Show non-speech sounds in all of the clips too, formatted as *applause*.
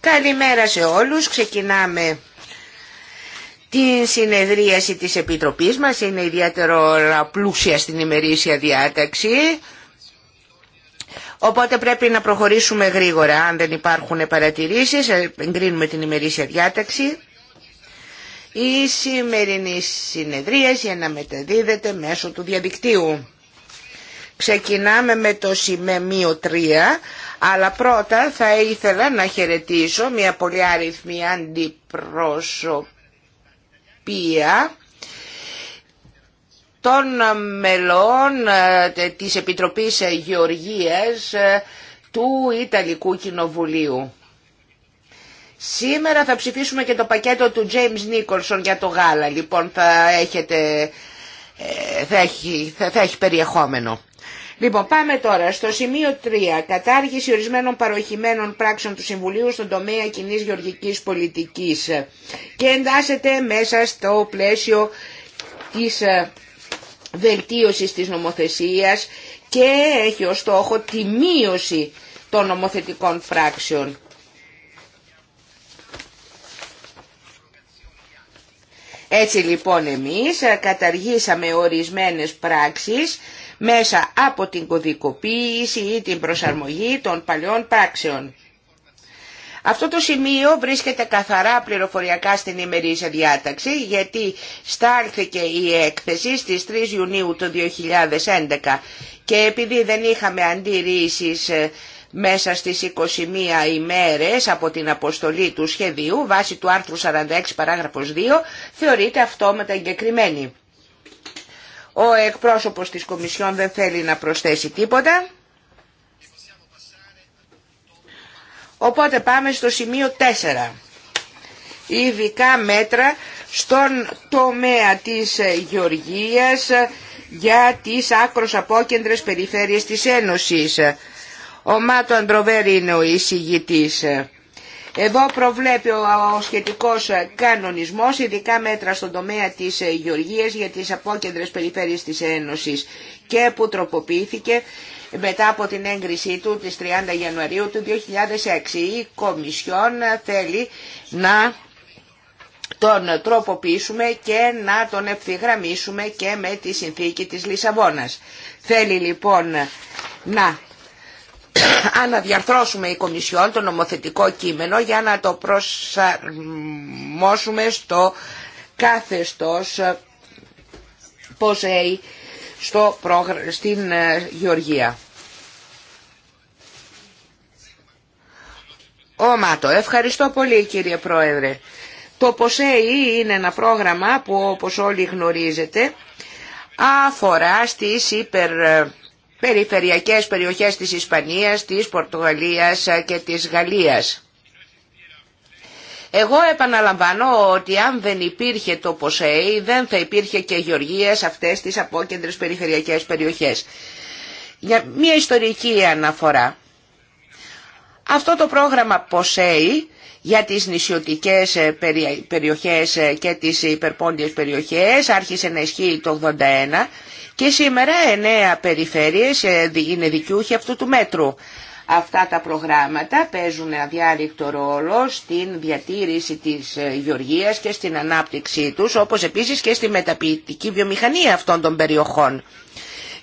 Καλημέρα σε όλους. Ξεκινάμε την συνεδρίαση της Επιτροπής μας. Είναι ιδιαίτερο πλούσια στην ημερήσια διάταξη. Οπότε πρέπει να προχωρήσουμε γρήγορα. Αν δεν υπάρχουν παρατηρήσεις, ε, εγκρίνουμε την ημερήσια διάταξη. Η σημερινή συνεδρίαση αναμεταδίδεται μέσω του διαδικτύου. Ξεκινάμε με το σημείο 3, αλλά πρώτα θα ήθελα να χαιρετήσω μια πολύ αριθμή αντιπροσωπία των μελών ε, της Επιτροπής Γεωργίας ε, του Ιταλικού Κοινοβουλίου. Σήμερα θα ψηφίσουμε και το πακέτο του James Nicholson για το γάλα. Λοιπόν, θα, έχετε, ε, θα, έχει, θα έχει περιεχόμενο. Λοιπόν, πάμε τώρα στο σημείο 3. Κατάργηση ορισμένων παροχημένων πράξεων του Συμβουλίου στον τομέα κοινή γεωργικής πολιτικής. Και εντάσσεται μέσα στο πλαίσιο τη ε, βελτίωση της νομοθεσίας και έχει ως στόχο τη μείωση των νομοθετικών πράξεων. Έτσι λοιπόν εμείς ε, καταργήσαμε ορισμένες πράξεις μέσα από την κωδικοποίηση ή την προσαρμογή των παλιών πράξεων. Αυτό το σημείο βρίσκεται καθαρά πληροφοριακά στην ημερήσια διάταξη γιατί στάλθηκε η έκθεση στις 3 Ιουνίου το 2011 και επειδή δεν είχαμε αντιρρήσεις ε, μέσα στις 21 ημέρες από την αποστολή του σχεδίου βάσει του άρθρου 46 παράγραφος 2 θεωρείται αυτόματα εγκεκριμένη. Ο εκπρόσωπος της Κομισιόν δεν θέλει να προσθέσει τίποτα. Οπότε πάμε στο σημείο 4. Ειδικά μέτρα στον τομέα της Γεωργίας για τις άκρος απόκεντρες περιφέρειες της Ένωσης. Ο Μάτο Αντροβέρη είναι ο εισηγητής. Εδώ προβλέπει ο σχετικός ε, κανονισμός, ειδικά μέτρα στον τομέα της ε, γεωργίας για τις απόκεντρες περιφέρειες της Ένωσης και που τροποποιήθηκε μετά από την έγκρισή του της 30 Ιανουαρίου του 2006. Η Κομισιόν θέλει να τον τροποποιήσουμε και να τον ευθυγραμμίσουμε και με τη συνθήκη της Λισαβόνας. Θέλει λοιπόν να *coughs* αναδιαρθρώσουμε η Κομισιόν το νομοθετικό κείμενο για να το προσαρμόσουμε στο κάθεστος ε, ΠΟΣΕΙ στο στην ε, Γεωργία. Ο Μάτο, ευχαριστώ πολύ κύριε Πρόεδρε. Το ΠΟΣΕΙ είναι ένα πρόγραμμα που όπως όλοι γνωρίζετε αφορά στις υπερ ε, περιφερειακές περιοχές της Ισπανίας, της Πορτογαλίας ε, και της Γαλλίας. Εγώ επαναλαμβάνω ότι αν δεν υπήρχε το ΠΟΣΕΙ δεν θα υπήρχε και γεωργία σε αυτές τις απόκεντρες περιφερειακές περιοχές. Για μια ιστορική αναφορά. Αυτό το πρόγραμμα ΠΟΣΕΙ για τις νησιωτικές ε, περιοχές ε, και τις υπερπόντιες περιοχές άρχισε να ισχύει το 81 και σήμερα εννέα περιφέρειες ε, είναι δικιούχοι αυτού του μέτρου. Αυτά τα προγράμματα παίζουν αδιάρρηκτο ρόλο στην διατήρηση της γεωργίας και στην ανάπτυξή τους, όπως επίσης και στη μεταποιητική βιομηχανία αυτών των περιοχών.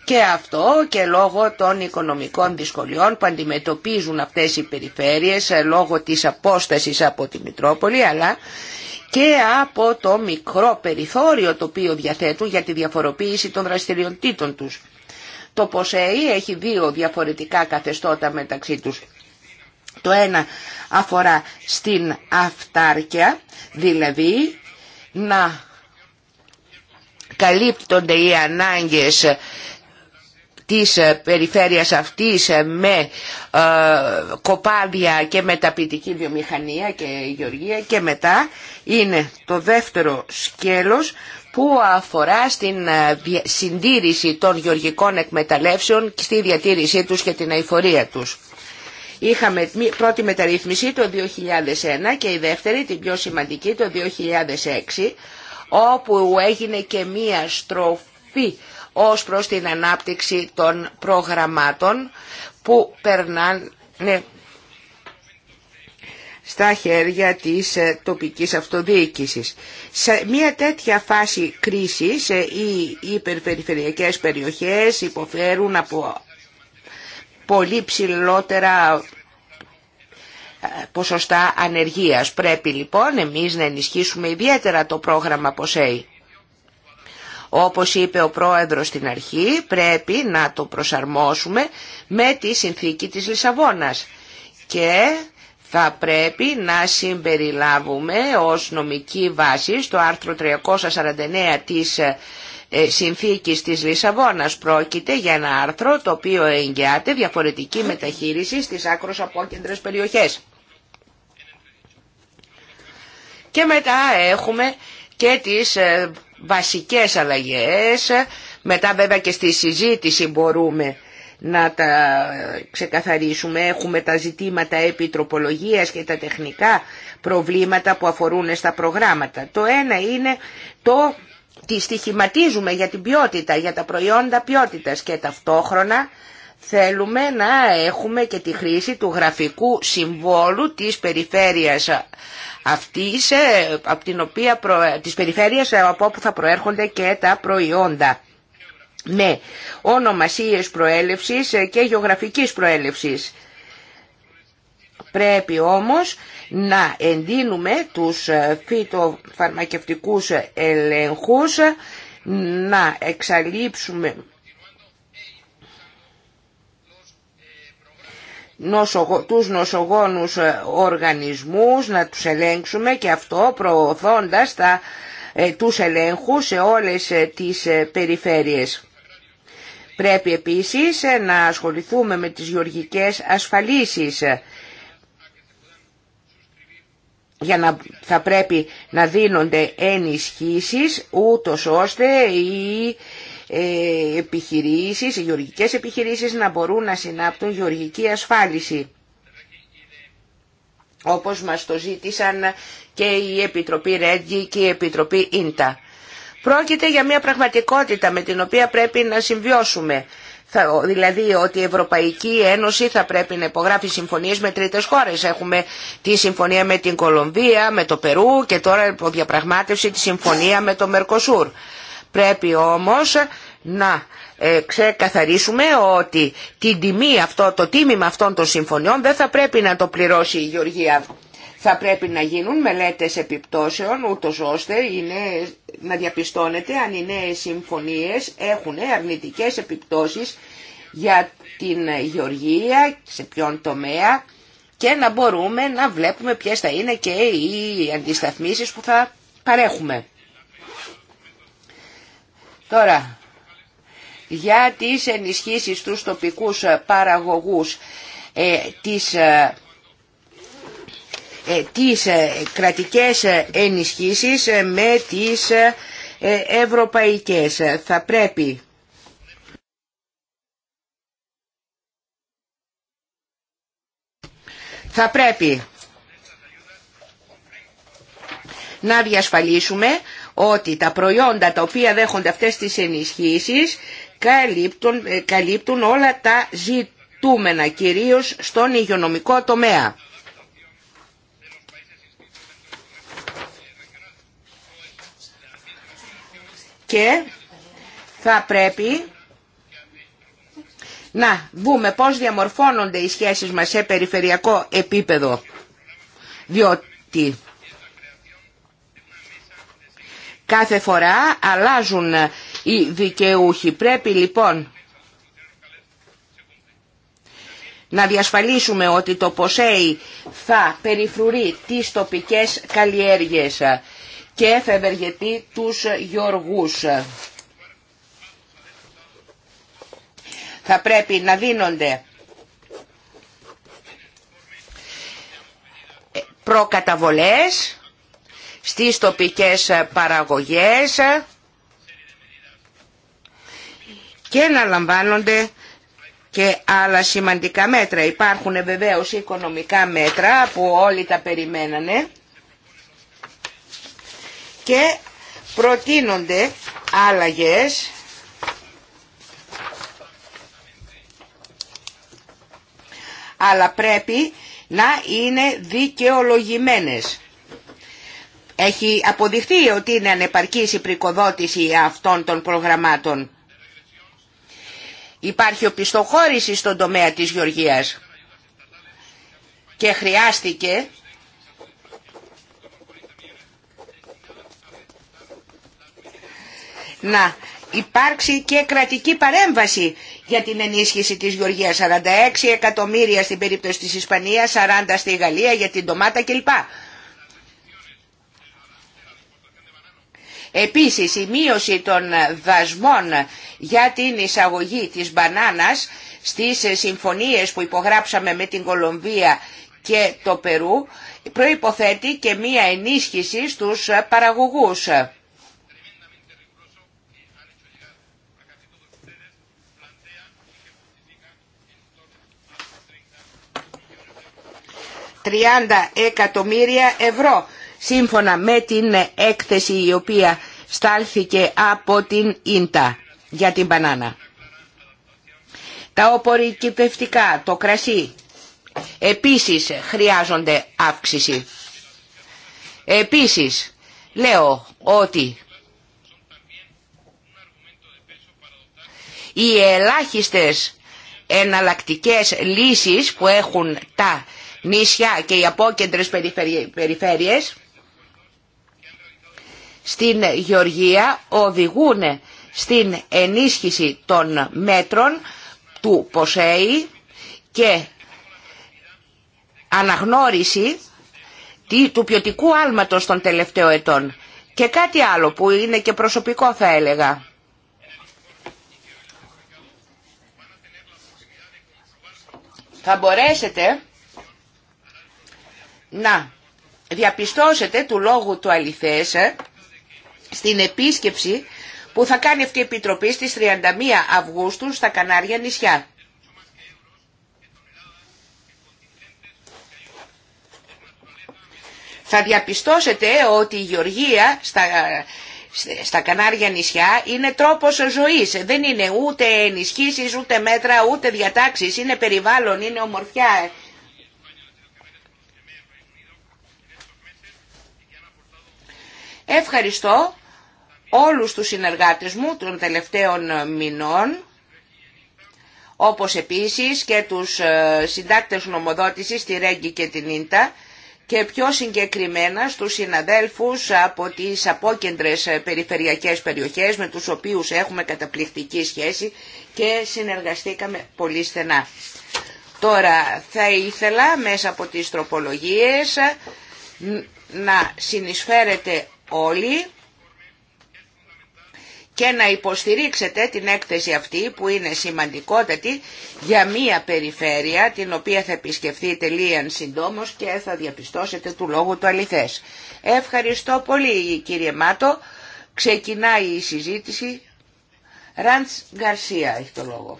Και αυτό και λόγω των οικονομικών δυσκολιών που αντιμετωπίζουν αυτές οι περιφέρειες ε, λόγω της απόστασης από τη Μητρόπολη αλλά και από το μικρό περιθώριο το οποίο διαθέτουν για τη διαφοροποίηση των δραστηριοτήτων τους. Το ΠΟΣΕΗ έχει δύο διαφορετικά καθεστώτα μεταξύ τους. Το ένα αφορά στην αυτάρκεια, δηλαδή να καλύπτονται οι ανάγκες της ε, περιφέρειας αυτής ε, με ε, κοπάδια και με μεταπητική βιομηχανία και γεωργία και μετά είναι το δεύτερο σκέλος που αφορά στην συντήρηση των γεωργικών εκμεταλλεύσεων και στη διατήρησή τους και την αηφορία τους. Είχαμε πρώτη μεταρρύθμιση το 2001 και η δεύτερη, την πιο σημαντική, το 2006, όπου έγινε και μία στροφή ως προς την ανάπτυξη των προγραμμάτων που περνάνε στα χέρια της ε, τοπικής αυτοδιοίκησης. Σε μια τέτοια φάση κρίσης ε, οι υπερπεριφερειακές περιοχές υποφέρουν από πολύ ψηλότερα ε, ποσοστά ανεργίας. Πρέπει λοιπόν εμείς να ενισχύσουμε ιδιαίτερα το πρόγραμμα ΠΟΣΕΙ. Όπως είπε ο πρόεδρος στην αρχή, πρέπει να το προσαρμόσουμε με τη συνθήκη της Λισαβόνας και θα πρέπει να συμπεριλάβουμε ως νομική βάση στο άρθρο 349 της ε, συνθήκης της Λισαβόνας πρόκειται για ένα άρθρο το οποίο εγγυάται διαφορετική μεταχείριση στις άκρως απόκεντρες περιοχές. Και μετά έχουμε και τις ε, βασικές αλλαγές. Μετά βέβαια και στη συζήτηση μπορούμε να τα ξεκαθαρίσουμε. Έχουμε τα ζητήματα επιτροπολογίας και τα τεχνικά προβλήματα που αφορούν στα προγράμματα. Το ένα είναι το τι στοιχηματίζουμε για την ποιότητα, για τα προϊόντα ποιότητας και ταυτόχρονα θέλουμε να έχουμε και τη χρήση του γραφικού συμβόλου της περιφέρειας αυτής από την οποία προ... της περιφέρειας ε, από όπου θα προέρχονται και τα προϊόντα με ναι, ονομασίες προέλευσης ε, και γεωγραφικής προέλευσης. Πρέπει όμως να εντείνουμε τους ε, φυτοφαρμακευτικούς ελεγχούς, να εξαλείψουμε νοσογο, τους νοσογόνους ε, οργανισμούς, να τους ελέγξουμε και αυτό προωθώντας τα, ε, τους ελέγχους σε όλες ε, τις περιφέρειες. Πρέπει επίσης να ασχοληθούμε με τις γεωργικές ασφαλίσεις για να θα πρέπει να δίνονται ενισχύσεις ούτως ώστε οι ε, επιχειρήσεις, οι γεωργικές επιχειρήσεις να μπορούν να συνάπτουν γεωργική ασφάλιση όπως μας το ζήτησαν και η Επιτροπή Ρέντγι και η Επιτροπή Ίντα. Πρόκειται για μια πραγματικότητα με την οποία πρέπει να συμβιώσουμε. δηλαδή ότι η Ευρωπαϊκή Ένωση θα πρέπει να υπογράφει συμφωνίες με τρίτες χώρες. Έχουμε τη συμφωνία με την Κολομβία, με το Περού και τώρα υποδιαπραγμάτευση τη συμφωνία με το Μερκοσούρ. Πρέπει όμως να ε, ξεκαθαρίσουμε ότι την τιμή αυτό, το τίμημα αυτών των συμφωνιών δεν θα πρέπει να το πληρώσει η Γεωργία. Θα πρέπει να γίνουν μελέτες επιπτώσεων ούτως ώστε είναι, να διαπιστώνεται αν οι νέε συμφωνίες έχουν αρνητικές επιπτώσεις για την γεωργία, σε ποιον τομέα και να μπορούμε να βλέπουμε ποιες θα είναι και οι αντισταθμίσεις που θα παρέχουμε. Τώρα, για τις ενισχύσεις στους τοπικούς ε, παραγωγούς ε, τις, ε, ε, τις κρατικές ενισχύσεις με τις ευρωπαϊκές. Θα πρέπει θα πρέπει να διασφαλίσουμε ότι τα προϊόντα τα οποία δέχονται αυτές τις ενισχύσεις ε, καλύπτουν, όλα τα ζητούμενα, κυρίως στον υγειονομικό τομέα. Και θα πρέπει να δούμε πώς διαμορφώνονται οι σχέσεις μας σε περιφερειακό επίπεδο. Διότι Κάθε φορά αλλάζουν οι δικαιούχοι. Πρέπει λοιπόν να διασφαλίσουμε ότι το ΠΟΣΕΙ θα περιφρουρεί τις τοπικές καλλιέργειες και θα ευεργετεί τους γιοργούς. Θα πρέπει να δίνονται προκαταβολές στις τοπικές παραγωγές και να λαμβάνονται και άλλα σημαντικά μέτρα. Υπάρχουν βεβαίως οικονομικά μέτρα που όλοι τα περιμένανε και προτείνονται άλλαγες αλλά πρέπει να είναι δικαιολογημένες. Έχει αποδειχθεί ότι είναι ανεπαρκής η πρικοδότηση αυτών των προγραμμάτων. Υπάρχει οπισθοχώρηση στον τομέα της γεωργίας και χρειάστηκε να υπάρξει και κρατική παρέμβαση για την ενίσχυση της Γεωργίας. 46 εκατομμύρια στην περίπτωση της Ισπανίας, 40 στη Γαλλία για την ντομάτα κλπ. Επίσης η μείωση των δασμών για την εισαγωγή της μπανάνας στις συμφωνίες που υπογράψαμε με την Κολομβία και το Περού προϋποθέτει και μία ενίσχυση στους παραγωγούς. ...30 εκατομμύρια ευρώ σύμφωνα με την έκθεση η οποία στάλθηκε από την Ίντα για την μπανάνα. Τα οπορικητευτικά, το κρασί, επίσης χρειάζονται αύξηση. Επίσης, λέω ότι οι ελάχιστες εναλλακτικές λύσεις που έχουν τα νησιά και οι απόκεντρες περιφέρειες στην Γεωργία οδηγούν στην ενίσχυση των μέτρων του ΠΟΣΕΗ και αναγνώριση του ποιοτικού άλματος των τελευταίων ετών. Και κάτι άλλο που είναι και προσωπικό θα έλεγα. Θα μπορέσετε να διαπιστώσετε του λόγου του αληθές ε, στην επίσκεψη που θα κάνει αυτή η Επιτροπή στις 31 Αυγούστου στα Κανάρια νησιά. Θα διαπιστώσετε ότι η γεωργία στα, στα Κανάρια νησιά είναι τρόπος ζωής. Δεν είναι ούτε ενισχύσεις, ούτε μέτρα, ούτε διατάξεις. Είναι περιβάλλον, είναι ομορφιά. Ευχαριστώ όλους τους συνεργάτες μου των τελευταίων μηνών, όπως επίσης και τους ε, συντάκτες νομοδότησης στη Ρέγκη και την Ίντα και πιο συγκεκριμένα στους συναδέλφους από τις απόκεντρες ε, περιφερειακές περιοχές με τους οποίους έχουμε καταπληκτική σχέση και συνεργαστήκαμε πολύ στενά. Τώρα θα ήθελα μέσα από τις τροπολογίες ε, να συνεισφέρετε όλοι και να υποστηρίξετε την έκθεση αυτή που είναι σημαντικότατη για μία περιφέρεια την οποία θα επισκεφθείτε λίγαν συντόμως και θα διαπιστώσετε του λόγου του αληθές. Ευχαριστώ πολύ κύριε Μάτο. Ξεκινάει η συζήτηση. Ραντς Γκαρσία έχει το λόγο.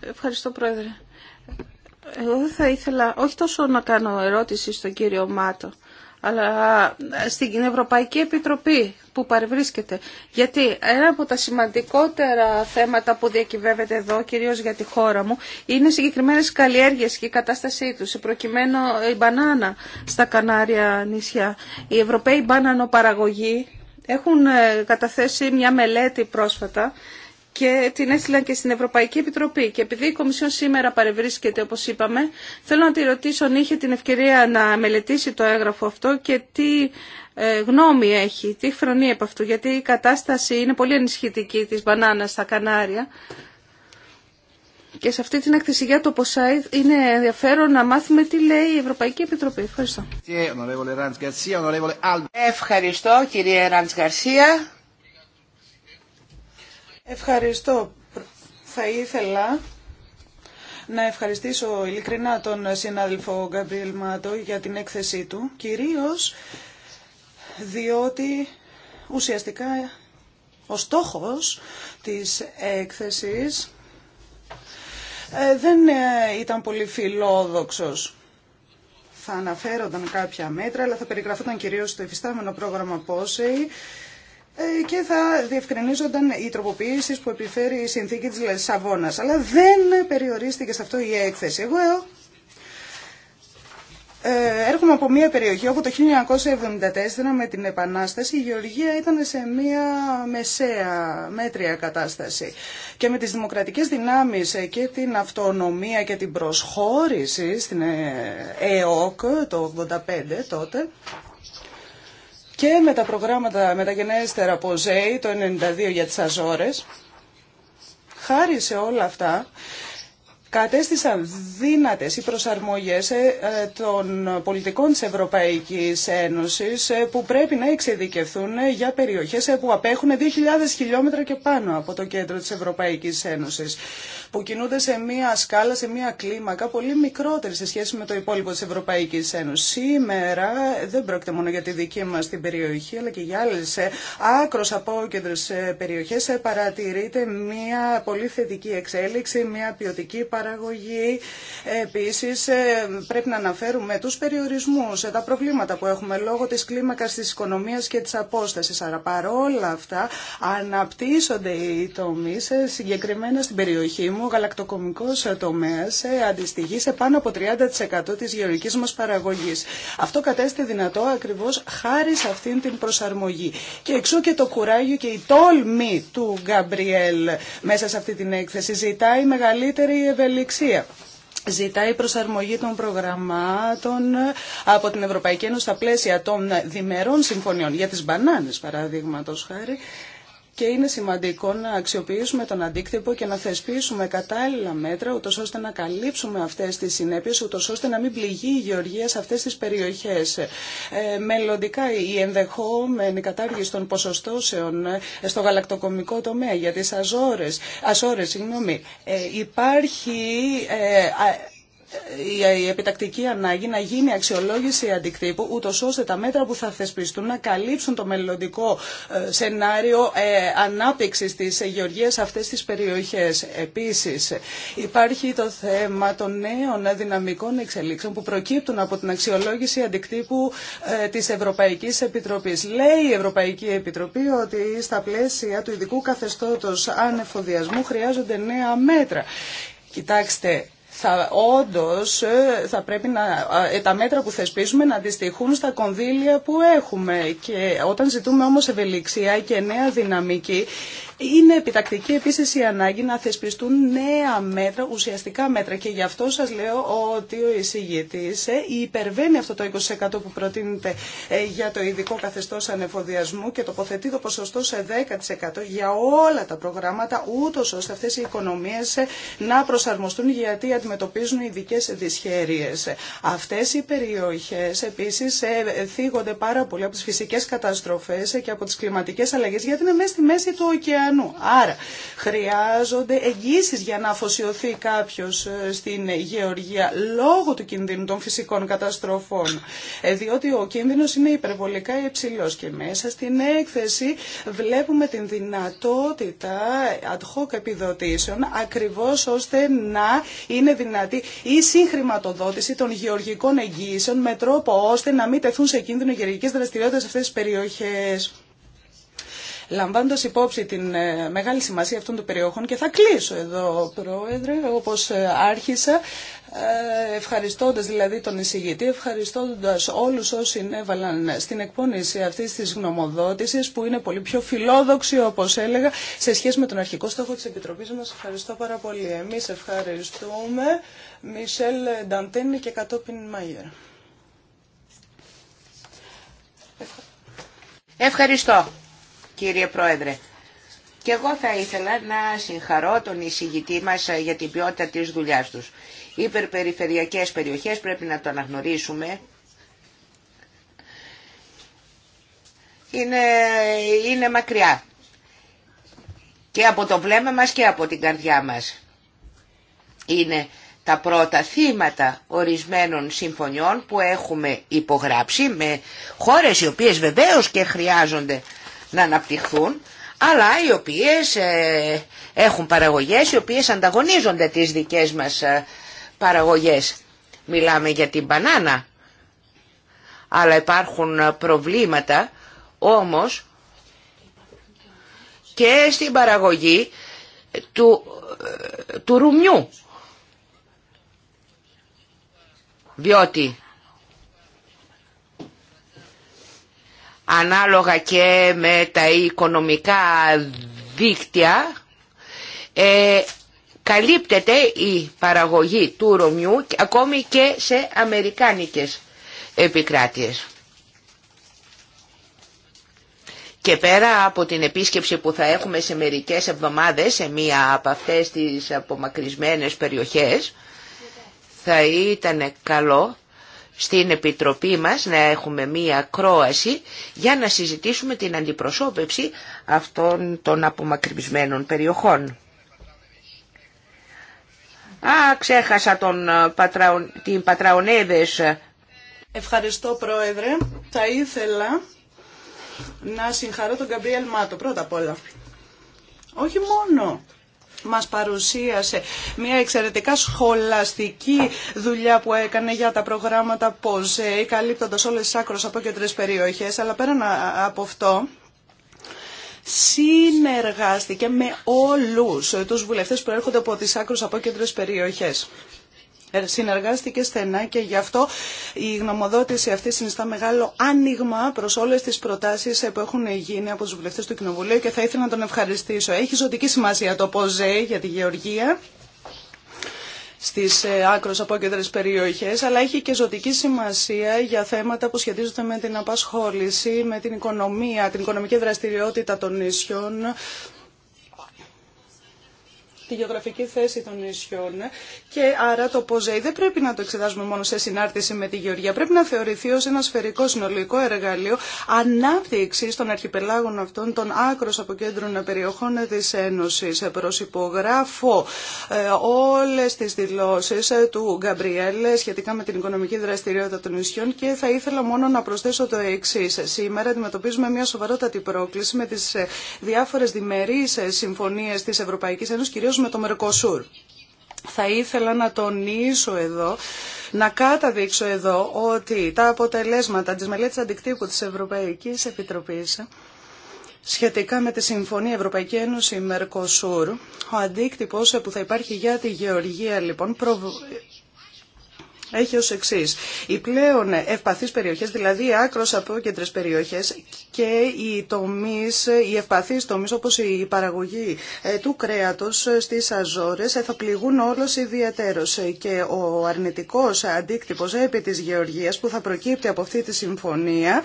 Ευχαριστώ πρόεδρε. Εγώ θα ήθελα όχι τόσο να κάνω ερώτηση στον κύριο Μάτο αλλά ε, στην Ευρωπαϊκή Επιτροπή που παρευρίσκεται. Γιατί ένα από τα σημαντικότερα θέματα που διακυβεύεται εδώ, κυρίως για τη χώρα μου, είναι συγκεκριμένες καλλιέργειες και η κατάστασή τους. Προκειμένου η μπανάνα στα Κανάρια νησιά. Οι Ευρωπαίοι μπάνανοπαραγωγοί έχουν ε, καταθέσει μια μελέτη πρόσφατα και την έστειλαν και στην Ευρωπαϊκή Επιτροπή. Και επειδή η Κομισιόν σήμερα παρευρίσκεται, όπως είπαμε, θέλω να τη ρωτήσω αν είχε την ευκαιρία να μελετήσει το έγγραφο αυτό και τι ε, γνώμη έχει, τι φρονεί από αυτού, γιατί η κατάσταση είναι πολύ ενισχυτική της μπανάνας στα Κανάρια. Και σε αυτή την έκθεση για το είναι ενδιαφέρον να μάθουμε τι λέει η Ευρωπαϊκή Επιτροπή. Ευχαριστώ. Ευχαριστώ κύριε Ραντς Γκαρσία. Ευχαριστώ. Θα ήθελα να ευχαριστήσω ειλικρινά τον συνάδελφο Γκαμπριέλ Μάτο για την έκθεσή του, κυρίως διότι ουσιαστικά ο στόχος της έκθεσης ε, δεν ε, ήταν πολύ φιλόδοξος. Θα αναφέρονταν κάποια μέτρα, αλλά θα περιγραφόταν κυρίως στο εφιστάμενο πρόγραμμα POSEI ε, και θα διευκρινίζονταν οι τροποποιήσει που επιφέρει η συνθήκη της Λεσσαβόνας. Αλλά δεν περιορίστηκε σε αυτό η έκθεση. Εγώ ε, ε, έρχομαι από μια περιοχή όπου το 1974 με την Επανάσταση η Γεωργία ήταν σε μια μεσαία μέτρια κατάσταση και με τις δημοκρατικές δυνάμεις και την αυτονομία και την προσχώρηση στην ΕΟΚ το 1985 τότε και με τα προγράμματα μεταγενέστερα από ΖΕΗ το 92 για τις Αζόρες. Χάρη σε όλα αυτά, κατέστησαν δύνατες οι προσαρμογές ε, ε, των πολιτικών της Ευρωπαϊκής Ένωσης ε, που πρέπει να εξειδικευθούν για περιοχές που απέχουν 2.000 χιλιόμετρα και πάνω από το κέντρο της Ευρωπαϊκής Ένωσης που κινούνται σε μία σκάλα, σε μία κλίμακα πολύ μικρότερη σε σχέση με το υπόλοιπο της Ευρωπαϊκής Ένωσης. Σήμερα δεν πρόκειται μόνο για τη δική μας την περιοχή, αλλά και για άλλες ε, άκρος απόκεντρες ε, περιοχές ε, παρατηρείται μία πολύ θετική εξέλιξη, μία ποιοτική παραγωγή. Επίσης πρέπει να αναφέρουμε τους περιορισμούς, τα προβλήματα που έχουμε λόγω της κλίμακας της οικονομίας και της απόστασης. Άρα παρόλα αυτά αναπτύσσονται οι τομείς συγκεκριμένα στην περιοχή μου ο γαλακτοκομικό ε, τομέας ε, αντιστοιχεί σε πάνω από 30% της γεωργικής μα παραγωγή. Αυτό κατέστη δυνατό ακριβώς χάρη σε αυτήν την προσαρμογή. Και εξού και το κουράγιο και η τόλμη του Γκαμπριέλ μέσα σε αυτή την έκθεση ζητάει μεγαλύτερη ευελιξία. Ζητάει προσαρμογή των προγραμμάτων ε, από την Ευρωπαϊκή Ένωση στα πλαίσια των διμερών συμφωνιών για τις μπανάνες παραδείγματος χάρη και είναι σημαντικό να αξιοποιήσουμε τον αντίκτυπο και να θεσπίσουμε κατάλληλα μέτρα, ούτως ώστε να καλύψουμε αυτές τις συνέπειες, ούτως ώστε να μην πληγεί η γεωργία σε αυτές τις περιοχές. Ε, μελλοντικά η ενδεχόμενη κατάργηση των ποσοστώσεων ε, στο γαλακτοκομικό τομέα για τις αζόρες, συγγνώμη, ε, υπάρχει... Ε, ε, η επιτακτική ανάγκη να γίνει αξιολόγηση αντικτύπου, ούτω ώστε τα μέτρα που θα θεσπιστούν να καλύψουν το μελλοντικό ε, σενάριο ε, ανάπτυξη τη γεωργία σε αυτέ τι περιοχέ. Επίση, υπάρχει το θέμα των νέων δυναμικών εξελίξεων που προκύπτουν από την αξιολόγηση αντικτύπου τη Ευρωπαϊκή Επιτροπή. Λέει η Ευρωπαϊκή Επιτροπή ότι στα πλαίσια του ειδικού καθεστώτο ανεφοδιασμού χρειάζονται νέα μέτρα. Κοιτάξτε, θα, όντως ε, θα πρέπει να, ε, τα μέτρα που θεσπίζουμε να αντιστοιχούν στα κονδύλια που έχουμε. Και όταν ζητούμε όμως ευελιξία και νέα δυναμική, είναι επιτακτική επίση η ανάγκη να θεσπιστούν νέα μέτρα, ουσιαστικά μέτρα. Και γι' αυτό σα λέω ότι ο εισηγητή ε, υπερβαίνει αυτό το 20% που προτείνεται ε, για το ειδικό καθεστώ ανεφοδιασμού και τοποθετεί το ποσοστό σε 10% για όλα τα προγράμματα, ούτω ώστε αυτέ οι οικονομίε ε, να προσαρμοστούν γιατί αντιμετωπίζουν ειδικέ δυσχέρειε. Αυτέ οι περιοχέ επίση θίγονται πάρα πολύ από τι φυσικέ καταστροφέ και από τι κλιματικέ αλλαγέ γιατί είναι μέσα στη μέση του ωκεανού Άρα χρειάζονται εγγύσει για να αφοσιωθεί κάποιο ε, στην γεωργία λόγω του κινδύνου των φυσικών καταστροφών. Ε, διότι ο κίνδυνο είναι υπερβολικά υψηλό και μέσα στην έκθεση βλέπουμε την δυνατότητα ad hoc επιδοτήσεων ακριβώ ώστε να είναι δυνατή η συγχρηματοδότηση των γεωργικών εγγύσεων με τρόπο ώστε να μην τεθούν σε κίνδυνο γεωργικέ δραστηριότητε σε αυτέ τι περιοχέ λαμβάνοντα υπόψη την ε, μεγάλη σημασία αυτών των περιοχών και θα κλείσω εδώ πρόεδρε όπως ε, άρχισα ε, ευχαριστώντας δηλαδή τον εισηγητή, ευχαριστώντας όλους όσοι συνέβαλαν στην εκπόνηση αυτής της γνωμοδότησης που είναι πολύ πιο φιλόδοξη όπως έλεγα σε σχέση με τον αρχικό στόχο της Επιτροπής μας. Ευχαριστώ πάρα πολύ. Εμείς ευχαριστούμε. Μισελ Νταντένι και κατόπιν Μάγερ. Ευχαριστώ κύριε Πρόεδρε. Και εγώ θα ήθελα να συγχαρώ τον εισηγητή μας ε, για την ποιότητα της δουλειάς τους. Οι υπερπεριφερειακές περιοχές πρέπει να το αναγνωρίσουμε. Είναι, είναι μακριά. Και από το βλέμμα μας και από την καρδιά μας. Είναι τα πρώτα θύματα ορισμένων συμφωνιών που έχουμε υπογράψει με χώρες οι οποίες βεβαίως και χρειάζονται να αναπτυχθούν, αλλά οι οποίες ε, έχουν παραγωγές, οι οποίες ανταγωνίζονται τις δικές μας ε, παραγωγές. Μιλάμε για την μπανάνα, αλλά υπάρχουν ε, προβλήματα όμως και στην παραγωγή του, του ρουμιού. Διότι ανάλογα και με τα οικονομικά δίκτυα ε, καλύπτεται η παραγωγή του Ρωμιού ακόμη και σε αμερικάνικες επικράτειες. Και πέρα από την επίσκεψη που θα έχουμε σε μερικές εβδομάδες σε μία από αυτές τις απομακρυσμένες περιοχές, θα ήταν καλό στην Επιτροπή μας να έχουμε μία κρόαση για να συζητήσουμε την αντιπροσώπευση αυτών των απομακρυσμένων περιοχών. Α, ξέχασα τον, ε, την Πατραονέδες. Ευχαριστώ Πρόεδρε. Θα ήθελα να συγχαρώ τον Καμπριέλ Μάτο πρώτα απ' όλα. Όχι μόνο μας παρουσίασε μια εξαιρετικά σχολαστική δουλειά που έκανε για τα προγράμματα ε, καλύπτοντας όλες τις άκρες από τρεις περιοχές, αλλά πέραν από αυτό συνεργάστηκε με όλους τους βουλευτές που έρχονται από τις άκρες από κεντρές περιοχές. Ε, συνεργάστηκε στενά και γι' αυτό η γνωμοδότηση αυτή συνιστά μεγάλο άνοιγμα προ όλε τι προτάσει ε, που έχουν γίνει από του βουλευτέ του Κοινοβουλίου και θα ήθελα να τον ευχαριστήσω. Έχει ζωτική σημασία το ΠΟΖΕ για τη Γεωργία στις ε, άκρως απόκεντρες περιοχές, αλλά έχει και ζωτική σημασία για θέματα που σχετίζονται με την απασχόληση, με την οικονομία, την οικονομική δραστηριότητα των νησιών, τη γεωγραφική θέση των νησιών και άρα το ΠΟΖΕΙ δεν πρέπει να το εξετάζουμε μόνο σε συνάρτηση με τη γεωργία. Πρέπει να θεωρηθεί ως ένα σφαιρικό συνολικό εργαλείο ανάπτυξη των αρχιπελάγων αυτών των από κέντρων περιοχών της Ένωσης. Ε, προσυπογράφω ε, όλες τις δηλώσεις ε, του Γκαμπριέλ σχετικά με την οικονομική δραστηριότητα των νησιών και θα ήθελα μόνο να προσθέσω το εξή. Σήμερα αντιμετωπίζουμε μια σοβαρότατη πρόκληση με τις διάφορες διμερείς συμφωνίε τη Ευρωπαϊκής Ένωσης, με το Μερκοσούρ. Θα ήθελα να τονίσω εδώ, να καταδείξω εδώ ότι τα αποτελέσματα της μελέτης αντικτύπου της Ευρωπαϊκής Επιτροπής σχετικά με τη Συμφωνία Ευρωπαϊκή Ένωση Μερκοσούρ, ο αντίκτυπος που θα υπάρχει για τη Γεωργία λοιπόν έχει ως εξή. Οι πλέον ευπαθείς περιοχές, δηλαδή οι άκρος κέντρες περιοχές και οι τομείς, οι ευπαθείς τομείς όπως η παραγωγή ε, του κρέατος ε, στις Αζόρες ε, θα πληγούν όλος ιδιαίτερος και ο αρνητικός αντίκτυπος επί της γεωργίας που θα προκύπτει από αυτή τη συμφωνία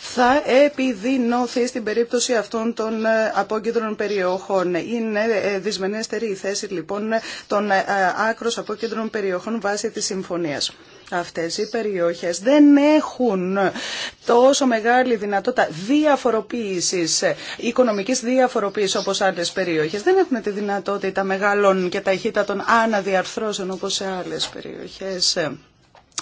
θα επιδεινώθει στην περίπτωση αυτών των απόκεντρων περιοχών. Είναι δυσμενέστερη η θέση λοιπόν των άκρος απόκεντρων περιοχών βάσει της συμφωνίας αυτές οι περιοχές δεν έχουν τόσο μεγάλη δυνατότητα διαφοροποίησης, οικονομικής διαφοροποίησης όπως άλλες περιοχές. Δεν έχουν τη δυνατότητα μεγάλων και ταχύτατων αναδιαρθρώσεων όπως σε άλλες περιοχές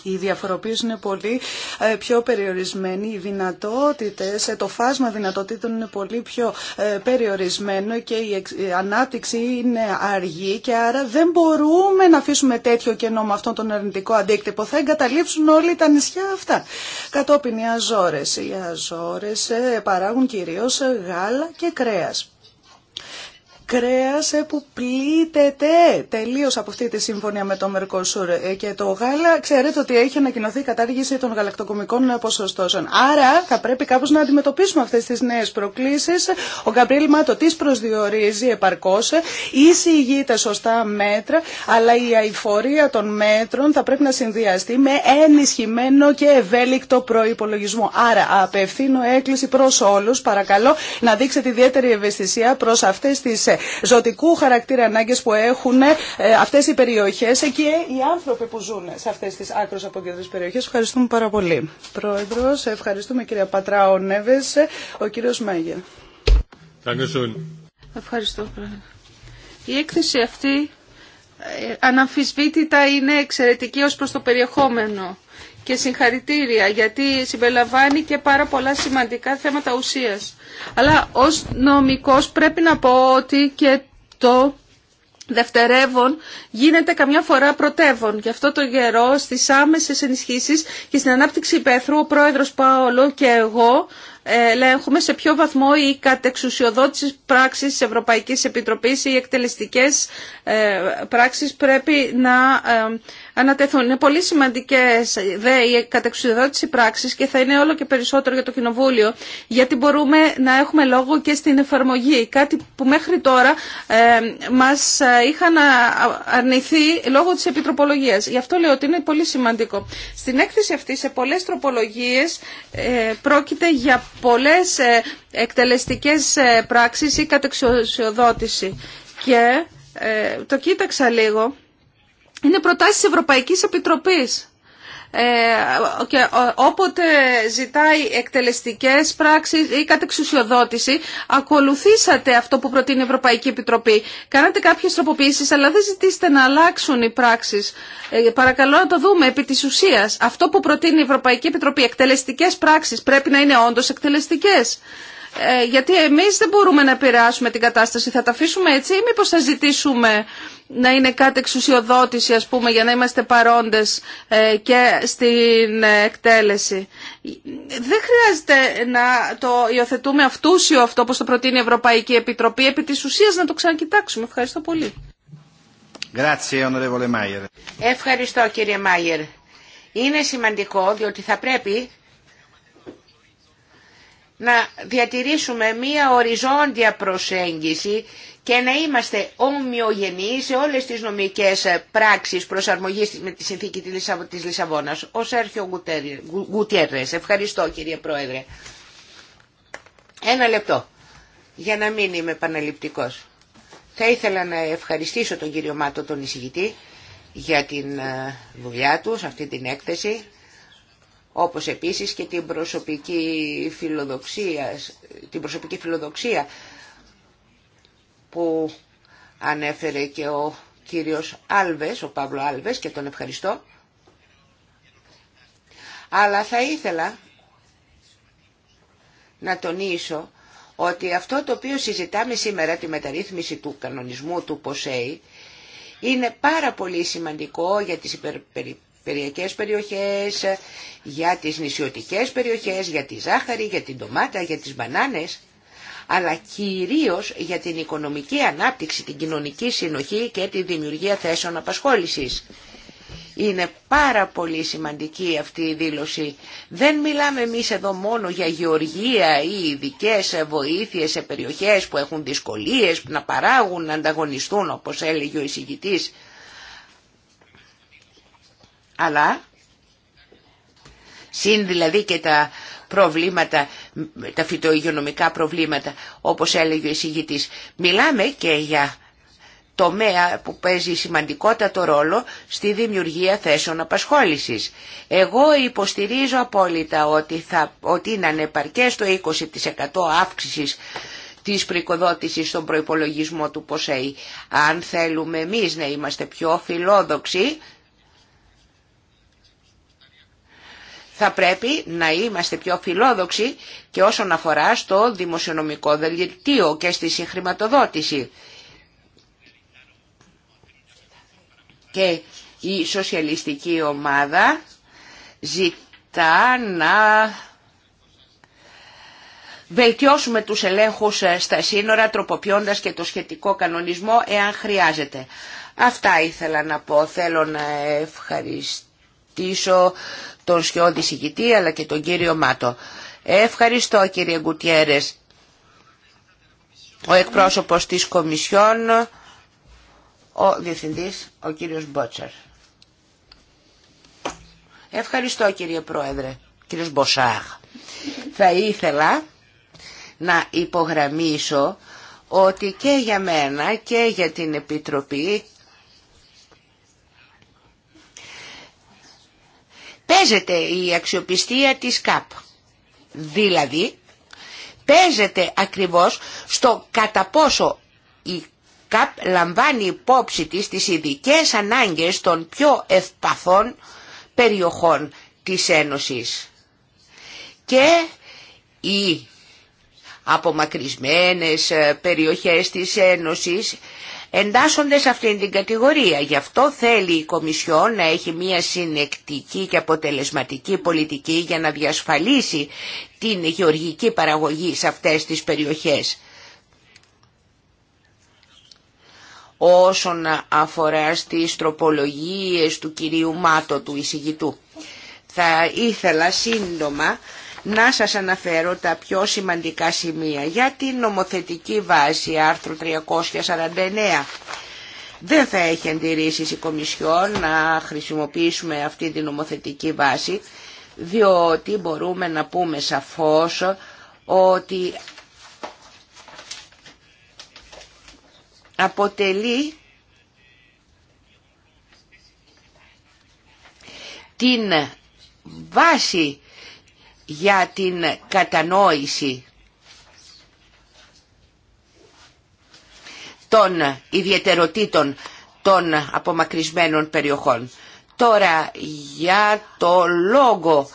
η διαφοροποίηση είναι πολύ ε, πιο περιορισμένη, οι δυνατότητες, ε, το φάσμα δυνατοτήτων είναι πολύ πιο ε, περιορισμένο και η ανάπτυξη είναι αργή και άρα δεν μπορούμε να αφήσουμε τέτοιο κενό με αυτόν τον αρνητικό αντίκτυπο. Θα εγκαταλείψουν όλοι τα νησιά αυτά. Κατόπιν οι αζόρες. Οι αζόρες παράγουν κυρίως γάλα και κρέας κρέας ε, που πλήττεται τελείως από αυτή τη σύμφωνια με το Μερκοσούρ ε, και το γάλα. Ξέρετε ότι έχει ανακοινωθεί η κατάργηση των γαλακτοκομικών ε, ποσοστώσεων. Άρα θα πρέπει κάπως να αντιμετωπίσουμε αυτές τις νέες προκλήσεις. Ο Γκαμπρίλ Μάτο τις προσδιορίζει επαρκώς, εισηγείται σωστά μέτρα, αλλά η αηφορία των μέτρων θα πρέπει να συνδυαστεί με ενισχυμένο και ευέλικτο προϋπολογισμό. Άρα απευθύνω έκκληση προ όλου, παρακαλώ, να δείξετε ιδιαίτερη ευαισθησία προς αυτές τις ζωτικού χαρακτήρα ανάγκες που έχουν ε, αυτές οι περιοχές και οι άνθρωποι που ζουν σε αυτές τις από αποκεντρωτέ περιοχές. Ευχαριστούμε πάρα πολύ. Πρόεδρος, ευχαριστούμε κυρία Πατράο Νέβε. ο κύριος Μέγε. Ευχαριστώ, Η έκθεση αυτή ε, αναμφισβήτητα είναι εξαιρετική ως προς το περιεχόμενο και συγχαρητήρια γιατί συμπεριλαμβάνει και πάρα πολλά σημαντικά θέματα ουσίας. Αλλά ως νομικός πρέπει να πω ότι και το δευτερεύον γίνεται καμιά φορά πρωτεύον. Γι' αυτό το γερό στις άμεσες ενισχύσεις και στην ανάπτυξη υπαίθρου ο πρόεδρος Παόλο και εγώ ε, ελέγχουμε σε ποιο βαθμό η κατεξουσιοδότηση πράξης της Ευρωπαϊκής Επιτροπής ή οι εκτελεστικές ε, πράξεις πρέπει να ε, ανατεθούν. Είναι πολύ σημαντικές οι η πράξη και θα είναι όλο και περισσότερο για το Κοινοβούλιο γιατί μπορούμε να έχουμε λόγο και στην εφαρμογή. Κάτι που μέχρι τώρα ε, μας ε, είχαν ε, αρνηθεί λόγω τη επιτροπολογίας. Γι' αυτό λέω ότι είναι πολύ σημαντικό. Στην έκθεση αυτή σε πολλέ τροπολογίε ε, πρόκειται για πολλέ εκτελεστικές πράξεις ή κατεξουσιοδότηση. Και το κοίταξα λίγο είναι προτάσεις Ευρωπαϊκής Επιτροπής. Ε, και όποτε ζητάει εκτελεστικές πράξεις ή κατεξουσιοδότηση ακολουθήσατε αυτό που προτείνει η Ευρωπαϊκή Επιτροπή κάνατε κάποιες τροποποιήσεις αλλά δεν ζητήσετε να αλλάξουν οι πράξεις ε, παρακαλώ να το δούμε επί της ουσίας αυτό που προτείνει η Ευρωπαϊκή Επιτροπή εκτελεστικές πράξεις πρέπει να είναι όντως εκτελεστικές ε, γιατί εμείς δεν μπορούμε να επηρεάσουμε την κατάσταση. Θα τα αφήσουμε έτσι ή μήπως θα ζητήσουμε να είναι κάτι εξουσιοδότηση ας πούμε για να είμαστε παρόντες ε, και στην εκτέλεση. Δεν χρειάζεται να το υιοθετούμε αυτούσιο αυτό όπως το προτείνει η Ευρωπαϊκή Επιτροπή επί της ουσίας να το ξανακοιτάξουμε. Ευχαριστώ πολύ. Ευχαριστώ κύριε Μάιερ. Είναι σημαντικό διότι θα πρέπει να διατηρήσουμε μία οριζόντια προσέγγιση και να είμαστε ομοιογενείς σε όλες τις νομικές πράξεις προσαρμογής με τη συνθήκη της Λισαβόνας. Ο Σέρχιο Γκουτιέρες. Ευχαριστώ κύριε Πρόεδρε. Ένα λεπτό, για να μην είμαι επαναληπτικός. Θα ήθελα να ευχαριστήσω τον κύριο Μάτο, τον εισηγητή, για την ε, δουλειά του σε αυτή την έκθεση όπως επίσης και την προσωπική φιλοδοξία, την προσωπική φιλοδοξία που ανέφερε και ο κύριος Άλβες, ο Παύλο Άλβες και τον ευχαριστώ. Αλλά θα ήθελα να τονίσω ότι αυτό το οποίο συζητάμε σήμερα, τη μεταρρύθμιση του κανονισμού του ΠΟΣΕΙ, είναι πάρα πολύ σημαντικό για τις περιοχές, περιοχές, για τις νησιωτικές περιοχές, για τη ζάχαρη, για την ντομάτα, για τις μπανάνες, αλλά κυρίως για την οικονομική ανάπτυξη, την κοινωνική συνοχή και τη δημιουργία θέσεων απασχόλησης. Είναι πάρα πολύ σημαντική αυτή η δήλωση. Δεν μιλάμε εμείς εδώ μόνο για γεωργία ή ειδικέ βοήθειες σε περιοχές που έχουν δυσκολίες, που να παράγουν, να ανταγωνιστούν όπως έλεγε ο εισηγητής αλλά συν δηλαδή και τα προβλήματα, τα φυτοϊγειονομικά προβλήματα, όπως έλεγε ο εισηγητής. Μιλάμε και για τομέα που παίζει σημαντικότατο ρόλο στη δημιουργία θέσεων απασχόλησης. Εγώ υποστηρίζω απόλυτα ότι, θα, ότι είναι ανεπαρκές το 20% αύξησης της πρικοδότησης στον προϋπολογισμό του ΠΟΣΕΗ. Αν θέλουμε εμείς να είμαστε πιο φιλόδοξοι, θα πρέπει να είμαστε πιο φιλόδοξοι και όσον αφορά στο δημοσιονομικό δελτίο και στη συγχρηματοδότηση. Και η σοσιαλιστική ομάδα ζητά να βελτιώσουμε τους ελέγχους ε, στα σύνορα τροποποιώντας και το σχετικό κανονισμό εάν χρειάζεται. Αυτά ήθελα να πω. Θέλω να ευχαριστήσω τον Σιώδη Σιγητή αλλά και τον κύριο Μάτο. Ευχαριστώ κύριε Γκουτιέρες. Ο εκπρόσωπος της Κομισιόν, ο Διευθυντής, ο κύριος Μπότσαρ. Ευχαριστώ κύριε Πρόεδρε, κύριος Μποσάχ. Θα ήθελα να υπογραμμίσω ότι και για μένα και για την Επιτροπή παίζεται η αξιοπιστία της ΚΑΠ. Δηλαδή, παίζεται ακριβώς στο κατά πόσο η ΚΑΠ λαμβάνει υπόψη της τις ειδικές ανάγκες των πιο ευπαθών περιοχών της Ένωσης. Και οι απομακρυσμένες ε, περιοχές της Ένωσης εντάσσονται σε αυτήν την κατηγορία. Γι' αυτό θέλει η Κομισιόν να έχει μια συνεκτική και αποτελεσματική πολιτική για να διασφαλίσει την γεωργική παραγωγή σε αυτές τις περιοχές. Όσον αφορά στις τροπολογίες του κυρίου Μάτο του εισηγητού. Θα ήθελα σύντομα να σας αναφέρω τα πιο σημαντικά σημεία για την νομοθετική βάση άρθρου 349. Δεν θα έχει αντιρρήσεις η Κομισιόν να χρησιμοποιήσουμε αυτή την νομοθετική βάση, διότι μπορούμε να πούμε σαφώς ότι αποτελεί την βάση για την κατανόηση των ιδιαιτεροτήτων των απομακρυσμένων περιοχών. Τώρα για το λόγο,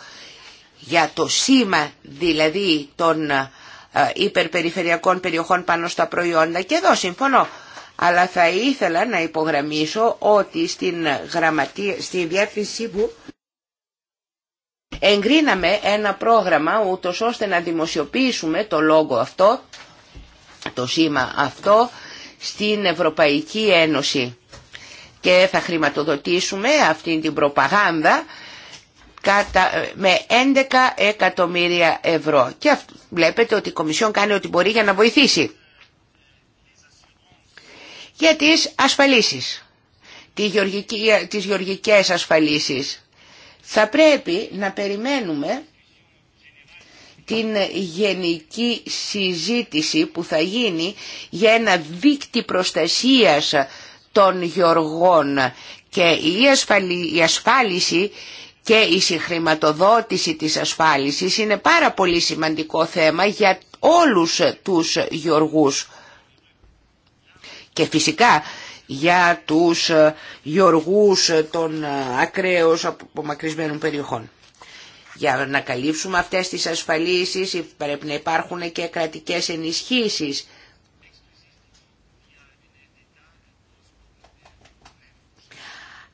για το σήμα δηλαδή των ε, υπερπεριφερειακών περιοχών πάνω στα προϊόντα και εδώ συμφωνώ. Αλλά θα ήθελα να υπογραμμίσω ότι στην, γραμματεία, στην διεύθυνσή μου εγκρίναμε ένα πρόγραμμα ούτως ώστε να δημοσιοποιήσουμε το λόγο αυτό, το σήμα αυτό, στην Ευρωπαϊκή Ένωση. Και θα χρηματοδοτήσουμε αυτή την προπαγάνδα με 11 εκατομμύρια ευρώ. Και βλέπετε ότι η Κομισιόν κάνει ό,τι μπορεί για να βοηθήσει. Για τις ασφαλίσεις, τις γεωργικές ασφαλίσεις θα πρέπει να περιμένουμε την γενική συζήτηση που θα γίνει για ένα δίκτυ προστασίας των γεωργών και η, η ασφάλιση και η συγχρηματοδότηση της ασφάλισης είναι πάρα πολύ σημαντικό θέμα για όλους τους γεωργούς. Και φυσικά για τους ε, γιοργούς ε, των ε, ακραίως απομακρυσμένων περιοχών. Για να καλύψουμε αυτές τις ασφαλίσεις πρέπει να υπάρχουν και κρατικές ενισχύσεις.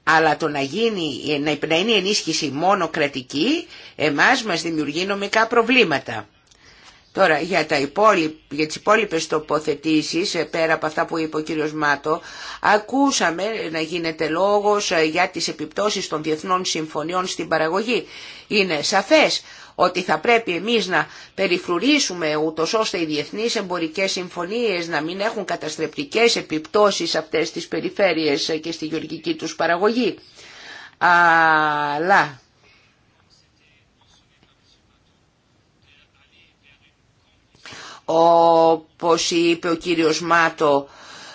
Αλλά το να, γίνει, να είναι ενίσχυση μόνο κρατική, εμάς μας δημιουργεί νομικά προβλήματα. Τώρα για, τα υπόλοι, για υπόλοιπες τοποθετήσεις, ε, πέρα από αυτά που είπε ο κύριος Μάτο, ακούσαμε να γίνεται λόγος ε, για τις επιπτώσεις των διεθνών συμφωνιών στην παραγωγή. Είναι σαφές ότι θα πρέπει εμείς να περιφρουρήσουμε ούτω ώστε οι διεθνείς εμπορικές συμφωνίες να μην έχουν καταστρεπτικές επιπτώσεις αυτές τις περιφέρειες ε, και στη γεωργική τους παραγωγή. Αλλά όπως είπε ο κύριος Μάτο,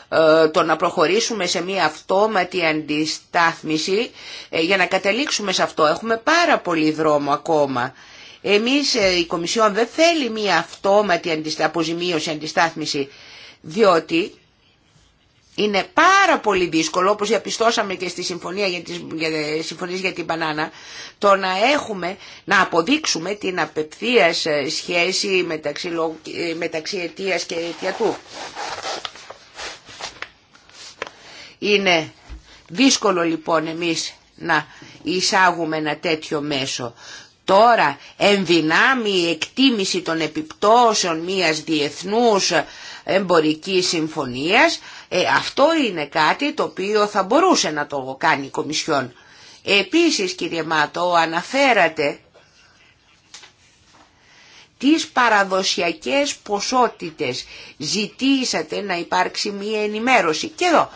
ε, το να προχωρήσουμε σε μια αυτόματη αντιστάθμιση, ε, για να καταλήξουμε σε αυτό έχουμε πάρα πολύ δρόμο ακόμα. Εμείς ε, η Κομισιόν δεν θέλει μια αυτόματη αποζημίωση, αντιστάθμιση, διότι είναι πάρα πολύ δύσκολο, όπως διαπιστώσαμε και στη συμφωνία για τις, για, συμφωνίες για την μπανάνα, το να έχουμε, να αποδείξουμε την απευθείας ε, σχέση μεταξύ, ε, μεταξύ αιτίας και αιτιατού. Είναι δύσκολο λοιπόν εμείς να εισάγουμε ένα τέτοιο μέσο. Τώρα ενδυνάμει η εκτίμηση των επιπτώσεων μιας διεθνούς ε, εμπορικής συμφωνίας ε, αυτό είναι κάτι το οποίο θα μπορούσε να το κάνει η Κομισιόν. Επίσης κύριε Μάτο αναφέρατε τις παραδοσιακές ποσότητες. Ζητήσατε να υπάρξει μία ενημέρωση. Και εδώ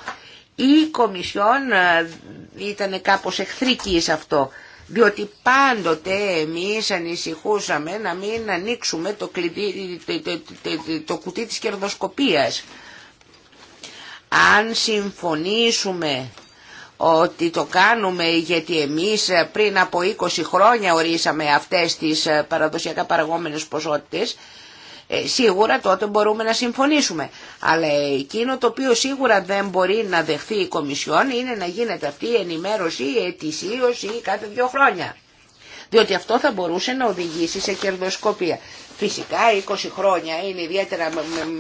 η Κομισιόν ε, ήταν κάπως εχθρική σε αυτό. Διότι πάντοτε εμείς ανησυχούσαμε να μην ανοίξουμε το, το κουτί της κερδοσκοπίας. Αν συμφωνήσουμε ότι το κάνουμε γιατί εμείς ε, πριν από 20 χρόνια ορίσαμε αυτές τις ε, παραδοσιακά παραγόμενες ποσότητες, ε, σίγουρα τότε μπορούμε να συμφωνήσουμε. Αλλά εκείνο το οποίο σίγουρα δεν μπορεί να δεχθεί η Κομισιόν είναι να γίνεται αυτή η ενημέρωση ετησίως ή κάθε δύο χρόνια διότι αυτό θα μπορούσε να οδηγήσει σε κερδοσκοπία. Φυσικά 20 χρόνια είναι ιδιαίτερα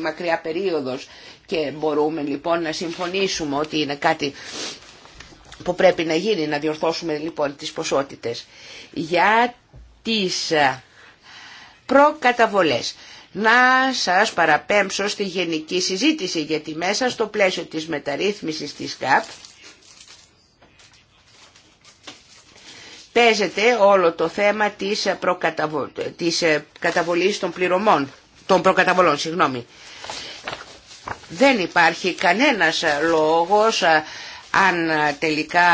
μακριά περίοδος και μπορούμε λοιπόν να συμφωνήσουμε ότι είναι κάτι που πρέπει να γίνει, να διορθώσουμε λοιπόν τις ποσότητες. Για τις ε, προκαταβολές. Να σας παραπέμψω στη γενική συζήτηση, γιατί μέσα στο πλαίσιο της μεταρρύθμισης της ΚΑΠ παίζεται όλο το θέμα της, ε, προκαταβο... της ε, καταβολής των πληρωμών, των προκαταβολών, συγγνώμη. Δεν υπάρχει κανένας ε, λόγος αν τελικά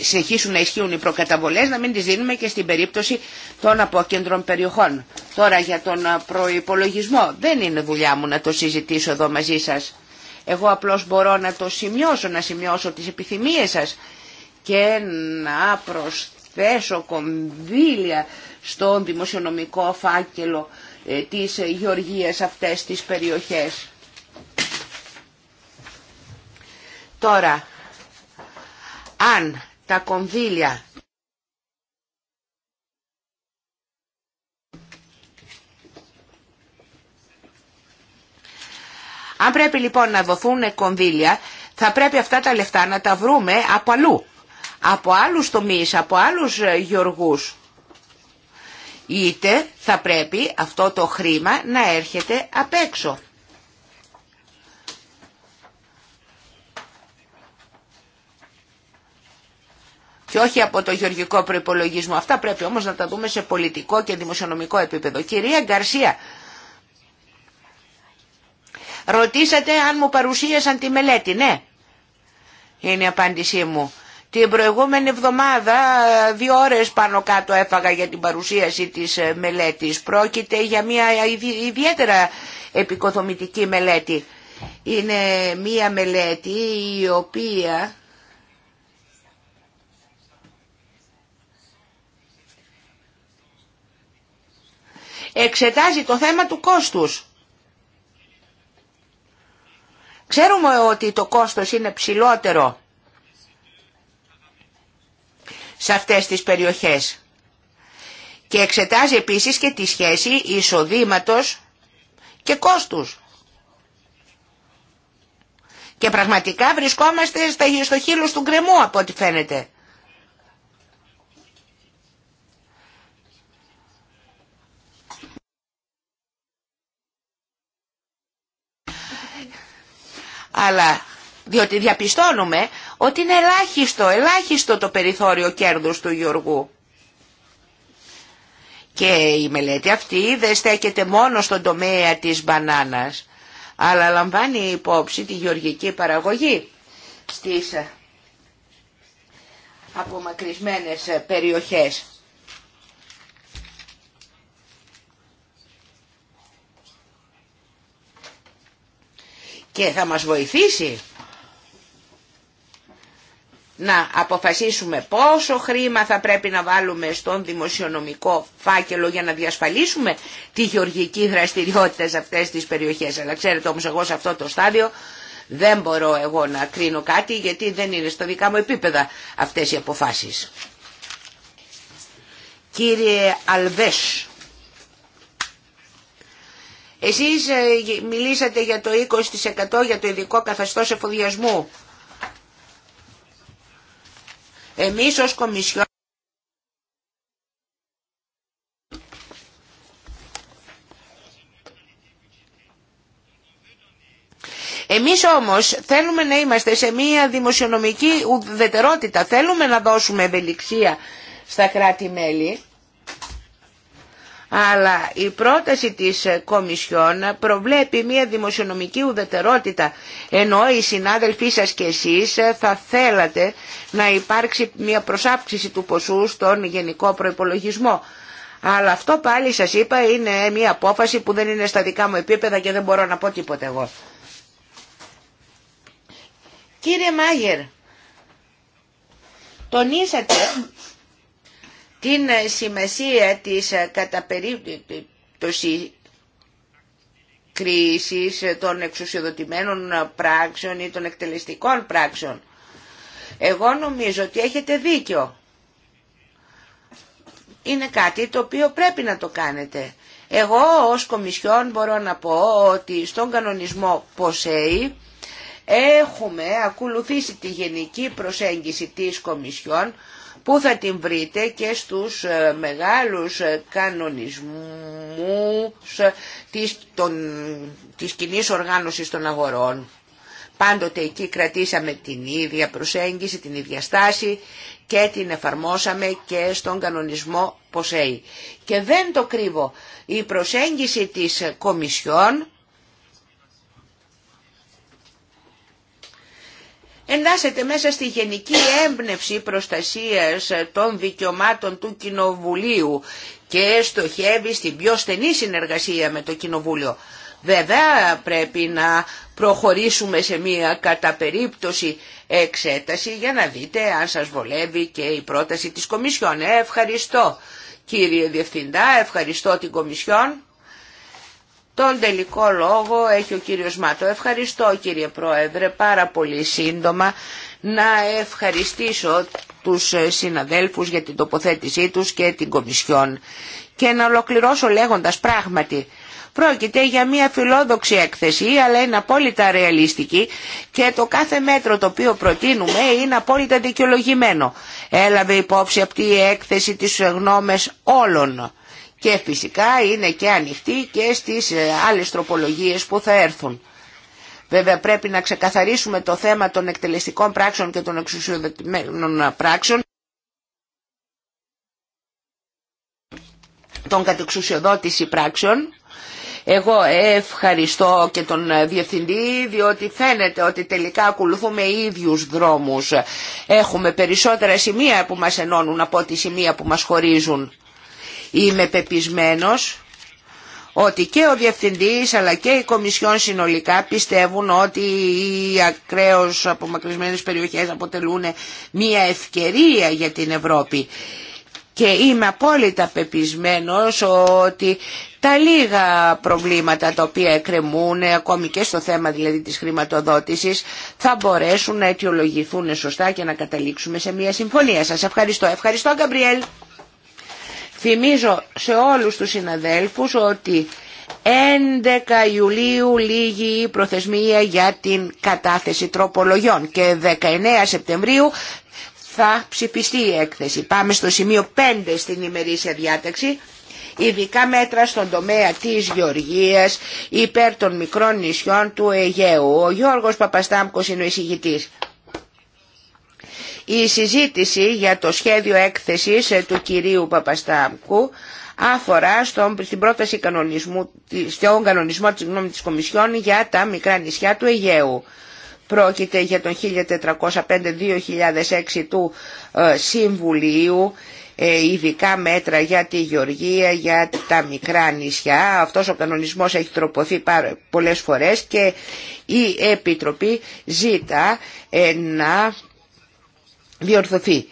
συνεχίσουν να ισχύουν οι προκαταβολές να μην τις δίνουμε και στην περίπτωση των απόκεντρων περιοχών. Τώρα για τον προϋπολογισμό δεν είναι δουλειά μου να το συζητήσω εδώ μαζί σας. Εγώ απλώς μπορώ να το σημειώσω, να σημειώσω τις επιθυμίες σας και να προσθέσω κονδύλια στον δημοσιονομικό φάκελο ε, της γεωργίας αυτές τις περιοχές. Τώρα, αν τα κονδύλια Αν πρέπει λοιπόν να δοθούν κονδύλια, θα πρέπει αυτά τα λεφτά να τα βρούμε από αλλού από άλλους τομείς, από άλλους ε, γεωργούς. Είτε θα πρέπει αυτό το χρήμα να έρχεται απ' έξω. και όχι από το γεωργικό προϋπολογισμό. Αυτά πρέπει όμως να τα δούμε σε πολιτικό και δημοσιονομικό επίπεδο. Κυρία Γκαρσία, ρωτήσατε αν μου παρουσίασαν τη μελέτη, ναι. Είναι η απάντησή μου. Την προηγούμενη εβδομάδα δύο ώρες πάνω κάτω έφαγα για την παρουσίαση της ε, μελέτης. Πρόκειται για μια ιδιαίτερα επικοδομητική μελέτη. Είναι μια μελέτη η οποία... εξετάζει το θέμα του κόστους. Ξέρουμε ότι το κόστος είναι ψηλότερο σε αυτές τις περιοχές. Και εξετάζει επίσης και τη σχέση εισοδήματος και κόστους. Και πραγματικά βρισκόμαστε στο χείλο του γκρεμού από ό,τι φαίνεται. Αλλά διότι διαπιστώνουμε ότι είναι ελάχιστο, ελάχιστο το περιθώριο κέρδους του Γιώργου. Και η μελέτη αυτή δεν στέκεται μόνο στον τομέα της μπανάνας, αλλά λαμβάνει υπόψη τη γεωργική παραγωγή στις απομακρυσμένες περιοχές. Και θα μας βοηθήσει να αποφασίσουμε πόσο χρήμα θα πρέπει να βάλουμε στον δημοσιονομικό φάκελο για να διασφαλίσουμε τη γεωργική δραστηριότητα σε αυτές τις περιοχές. Αλλά ξέρετε όμως εγώ σε αυτό το στάδιο δεν μπορώ εγώ να κρίνω κάτι γιατί δεν είναι στα δικά μου επίπεδα αυτές οι αποφάσεις. Κύριε Αλβές, εσείς ε, μιλήσατε για το 20% για το ειδικό καθεστώς εφοδιασμού. Εμείς ως Κομισιόν Εμείς όμως θέλουμε να είμαστε σε μια δημοσιονομική ουδετερότητα. Θέλουμε να δώσουμε ευελιξία στα κράτη-μέλη αλλά η πρόταση της Κομισιόν προβλέπει μια δημοσιονομική ουδετερότητα, ενώ οι συνάδελφοί σας και εσείς θα θέλατε να υπάρξει μια προσάυξηση του ποσού στον γενικό προϋπολογισμό. Αλλά αυτό πάλι σας είπα είναι μια απόφαση που δεν είναι στα δικά μου επίπεδα και δεν μπορώ να πω τίποτε εγώ. Κύριε Μάγερ, τονίσατε την σημασία της ε, κατά περίπτωση κρίσης των εξουσιοδοτημένων πράξεων ή των εκτελεστικών πράξεων. Εγώ νομίζω ότι έχετε δίκιο. Είναι κάτι το οποίο πρέπει να το κάνετε. Εγώ ως Κομισιόν μπορώ να πω ότι στον κανονισμό Ποσέη έχουμε ακολουθήσει τη γενική προσέγγιση της Κομισιόν που θα την βρείτε και στους ε, μεγάλους ε, κανονισμούς ε, της, των, της κοινής οργάνωσης των αγορών. Πάντοτε εκεί κρατήσαμε την ίδια προσέγγιση, την ίδια στάση και την εφαρμόσαμε και στον κανονισμό Ποσέη. Και δεν το κρύβω, η προσέγγιση της Κομισιόν εντάσσεται μέσα στη γενική έμπνευση προστασίας των δικαιωμάτων του Κοινοβουλίου και στοχεύει στην πιο στενή συνεργασία με το Κοινοβούλιο. Βέβαια πρέπει να προχωρήσουμε σε μία κατά περίπτωση εξέταση για να δείτε αν σας βολεύει και η πρόταση της Κομισιόν. Ε, ευχαριστώ κύριε Διευθυντά, ευχαριστώ την Κομισιόν. Τον τελικό λόγο έχει ο κύριος Μάτο. Ευχαριστώ κύριε Πρόεδρε πάρα πολύ σύντομα να ευχαριστήσω τους συναδέλφους για την τοποθέτησή τους και την Κομισιόν και να ολοκληρώσω λέγοντας πράγματι Πρόκειται για μια φιλόδοξη έκθεση αλλά είναι απόλυτα ρεαλιστική και το κάθε μέτρο το οποίο προτείνουμε είναι απόλυτα δικαιολογημένο. Έλαβε υπόψη αυτή η έκθεση τις γνώμες όλων και φυσικά είναι και ανοιχτή και στις ε, άλλες τροπολογίες που θα έρθουν. Βέβαια πρέπει να ξεκαθαρίσουμε το θέμα των εκτελεστικών πράξεων και των εξουσιοδοτημένων πράξεων. Των κατεξουσιοδότηση πράξεων. Εγώ ευχαριστώ και τον ε, Διευθυντή διότι φαίνεται ότι τελικά ακολουθούμε ίδιους δρόμους. Έχουμε περισσότερα σημεία που μας ενώνουν από τη σημεία που μας χωρίζουν. Είμαι πεπισμένος ότι και ο Διευθυντής αλλά και η Κομισιόν συνολικά πιστεύουν ότι οι ακραίως απομακρυσμένες περιοχές αποτελούν μια ευκαιρία για την Ευρώπη. Και είμαι απόλυτα πεπισμένος ότι τα λίγα προβλήματα τα οποία εκκρεμούν, ακόμη και στο θέμα δηλαδή της χρηματοδότησης, θα μπορέσουν να αιτιολογηθούν σωστά και να καταλήξουμε σε μια συμφωνία. Σας ευχαριστώ. Ευχαριστώ, Γκαμπριέλ. Θυμίζω σε όλους τους συναδέλφους ότι 11 Ιουλίου λήγει η προθεσμία για την κατάθεση τροπολογιών και 19 Σεπτεμβρίου θα ψηφιστεί η έκθεση. Πάμε στο σημείο 5 στην ημερήσια διάταξη. Ειδικά μέτρα στον τομέα της Γεωργίας υπέρ των μικρών νησιών του Αιγαίου. Ο Γιώργος Παπαστάμκος είναι ο εισηγητής. Η συζήτηση για το σχέδιο έκθεσης ε, του κυρίου Παπαστάμκου αφορά στον, στην πρόταση κανονισμού, στον κανονισμό της γνώμη της Κομισιόν για τα μικρά νησιά του Αιγαίου. Πρόκειται για τον 1405-2006 του ε, Συμβουλίου ε, ειδικά μέτρα για τη Γεωργία, για τα μικρά νησιά. Αυτός ο κανονισμός έχει τροποθεί πολλές φορές και η Επιτροπή ζήτα να διορθωθεί.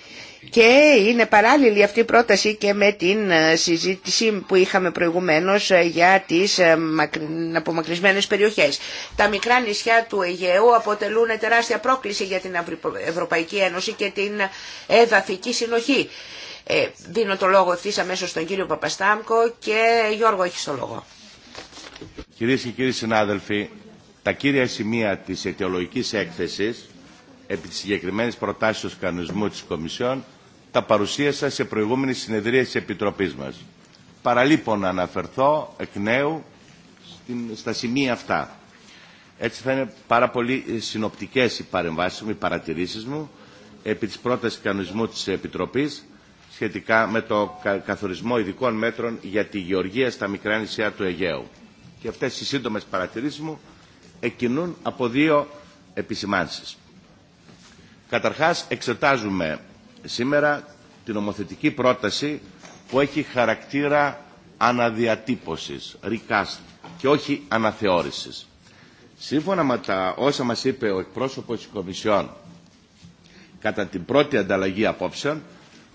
Και είναι παράλληλη αυτή η πρόταση και με την ε, συζήτηση που είχαμε προηγουμένως ε, για τις ε, απομακρυσμένες περιοχές. Τα μικρά νησιά του Αιγαίου αποτελούν τεράστια πρόκληση για την Ευρωπαϊκή Ένωση και την εδαφική συνοχή. Δίνω το λόγο ευθύ αμέσως στον κύριο Παπαστάμκο και Γιώργο έχει το λόγο. Κυρίες και κύριοι συνάδελφοι, τα κύρια σημεία της αιτιολογικής έκθεσης επί της συγκεκριμένης προτάσεως κανονισμού τη Κομισιόν τα παρουσίασα σε προηγούμενη συνεδρία τη Επιτροπή μα. Παραλείπω να αναφερθώ εκ νέου στα σημεία αυτά. Έτσι θα είναι πάρα πολύ συνοπτικέ οι παρεμβάσει μου, οι παρατηρήσει μου επί της πρόταση κανονισμού τη Επιτροπή σχετικά με το καθορισμό ειδικών μέτρων για τη γεωργία στα μικρά νησιά του Αιγαίου. Και αυτέ οι σύντομε παρατηρήσει μου εκκινούν από δύο επισημάνσεις. Καταρχάς εξετάζουμε σήμερα την ομοθετική πρόταση που έχει χαρακτήρα αναδιατύπωσης, recast και όχι αναθεώρησης. Σύμφωνα με τα όσα μας είπε ο εκπρόσωπος της Κομισιόν κατά την πρώτη ανταλλαγή απόψεων,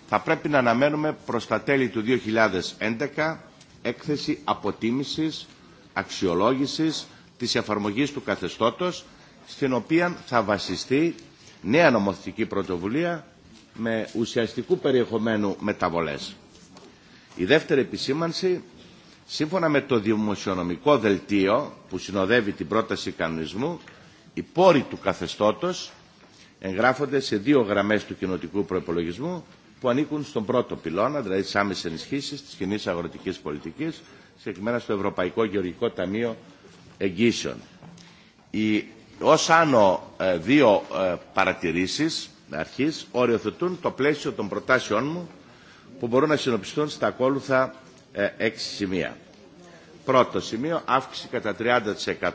θα πρέπει να αναμένουμε προς τα τέλη του 2011 έκθεση αποτίμησης, αξιολόγησης της εφαρμογής του καθεστώτος, στην οποία θα βασιστεί νέα νομοθετική πρωτοβουλία με ουσιαστικού περιεχομένου μεταβολές. Η δεύτερη επισήμανση, σύμφωνα με το δημοσιονομικό δελτίο που συνοδεύει την πρόταση κανονισμού, οι πόροι του καθεστώτος εγγράφονται σε δύο γραμμές του κοινοτικού προπολογισμού που ανήκουν στον πρώτο πυλώνα, δηλαδή τι άμεσε ενισχύσει τη κοινή αγροτική πολιτική, συγκεκριμένα στο Ευρωπαϊκό Γεωργικό Ταμείο Εγγύσεων ως άνω ε, δύο ε, παρατηρήσεις αρχής οριοθετούν το πλαίσιο των προτάσεών μου που μπορούν να συνοπιστούν στα ακόλουθα ε, έξι σημεία. Πρώτο σημείο, αύξηση κατά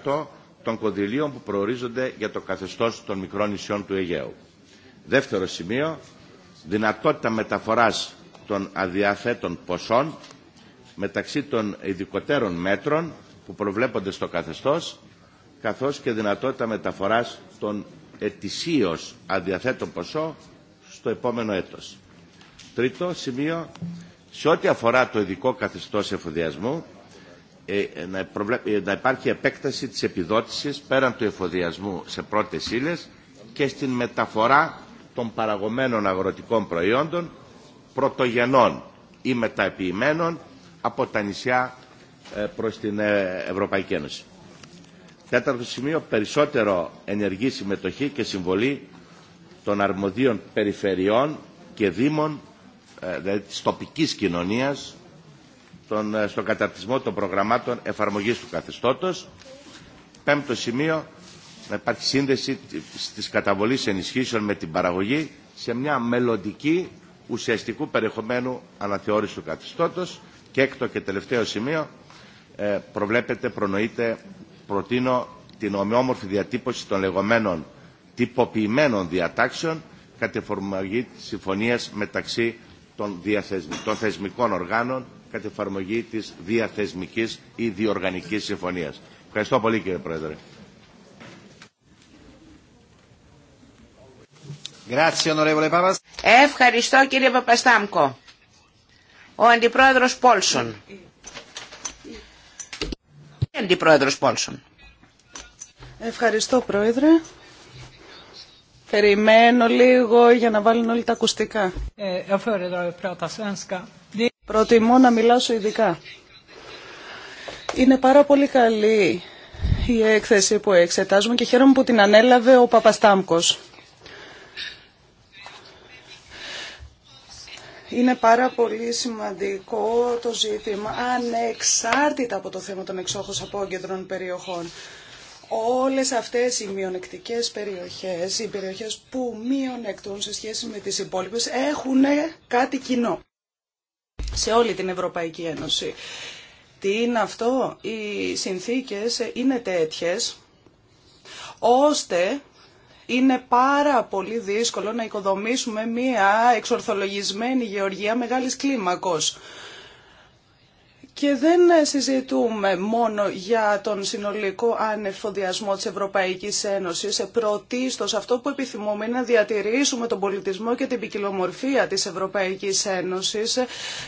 30% των κονδυλίων που προορίζονται για το καθεστώς των μικρών νησιών του Αιγαίου. Δεύτερο σημείο, δυνατότητα μεταφοράς των αδιαθέτων ποσών μεταξύ των ειδικοτέρων μέτρων που προβλέπονται στο καθεστώς καθώς και δυνατότητα μεταφοράς των ετησίως αδιαθέτων ποσό στο επόμενο έτος. Τρίτο σημείο, σε ό,τι αφορά το ειδικό καθεστώς εφοδιασμού, ε, ε, ε, να υπάρχει επέκταση της επιδότησης πέραν του εφοδιασμού σε πρώτες ύλε και στην μεταφορά των παραγωμένων αγροτικών προϊόντων πρωτογενών ή μεταποιημένων από τα νησιά προς την Ευρωπαϊκή Ένωση. Τέταρτο σημείο, περισσότερο ενεργή συμμετοχή και συμβολή των αρμοδίων περιφερειών και δήμων, ε, δηλαδή της τοπικής κοινωνίας, τον, ε, στον καταρτισμό των προγραμμάτων εφαρμογής του καθεστώτος. Πέμπτο σημείο, να υπάρχει σύνδεση της καταβολής ενισχύσεων με την παραγωγή σε μια μελλοντική ουσιαστικού περιεχομένου αναθεώρηση του καθεστώτος. Και έκτο και τελευταίο σημείο, ε, προβλέπεται, προνοείται προτείνω την ομοιόμορφη διατύπωση των λεγόμενων τυποποιημένων διατάξεων κατ' εφαρμογή της συμφωνίας μεταξύ των, των θεσμικών οργάνων κατ' εφαρμογή της διαθεσμικής ή διοργανικής συμφωνίας. Ευχαριστώ πολύ κύριε Πρόεδρε. Ευχαριστώ κύριε Παπαστάμκο. Ο Αντιπρόεδρος Πόλσον. Ευχαριστώ Πρόεδρε. Περιμένω λίγο για να βάλουν όλοι τα ακουστικά. Ε, Προτιμώ να μιλάω ειδικά. Είναι πάρα πολύ καλή η έκθεση που εξετάζουμε και χαίρομαι που την ανέλαβε ο Παπαστάμκος. Είναι πάρα πολύ σημαντικό το ζήτημα ανεξάρτητα από το θέμα των εξόχως απόγκεντρων περιοχών. Όλες αυτές οι μειονεκτικές περιοχές, οι περιοχές που μειονεκτούν σε σχέση με τις υπόλοιπες, έχουν κάτι κοινό σε όλη την Ευρωπαϊκή Ένωση. Τι είναι αυτό, οι συνθήκες είναι τέτοιες ώστε είναι πάρα πολύ δύσκολο να οικοδομήσουμε μία εξορθολογισμένη γεωργία μεγάλης κλίμακος. Και δεν συζητούμε μόνο για τον συνολικό ανεφοδιασμό της Ευρωπαϊκής Ένωσης. Πρωτίστως αυτό που επιθυμούμε είναι να διατηρήσουμε τον πολιτισμό και την ποικιλομορφία της Ευρωπαϊκής Ένωσης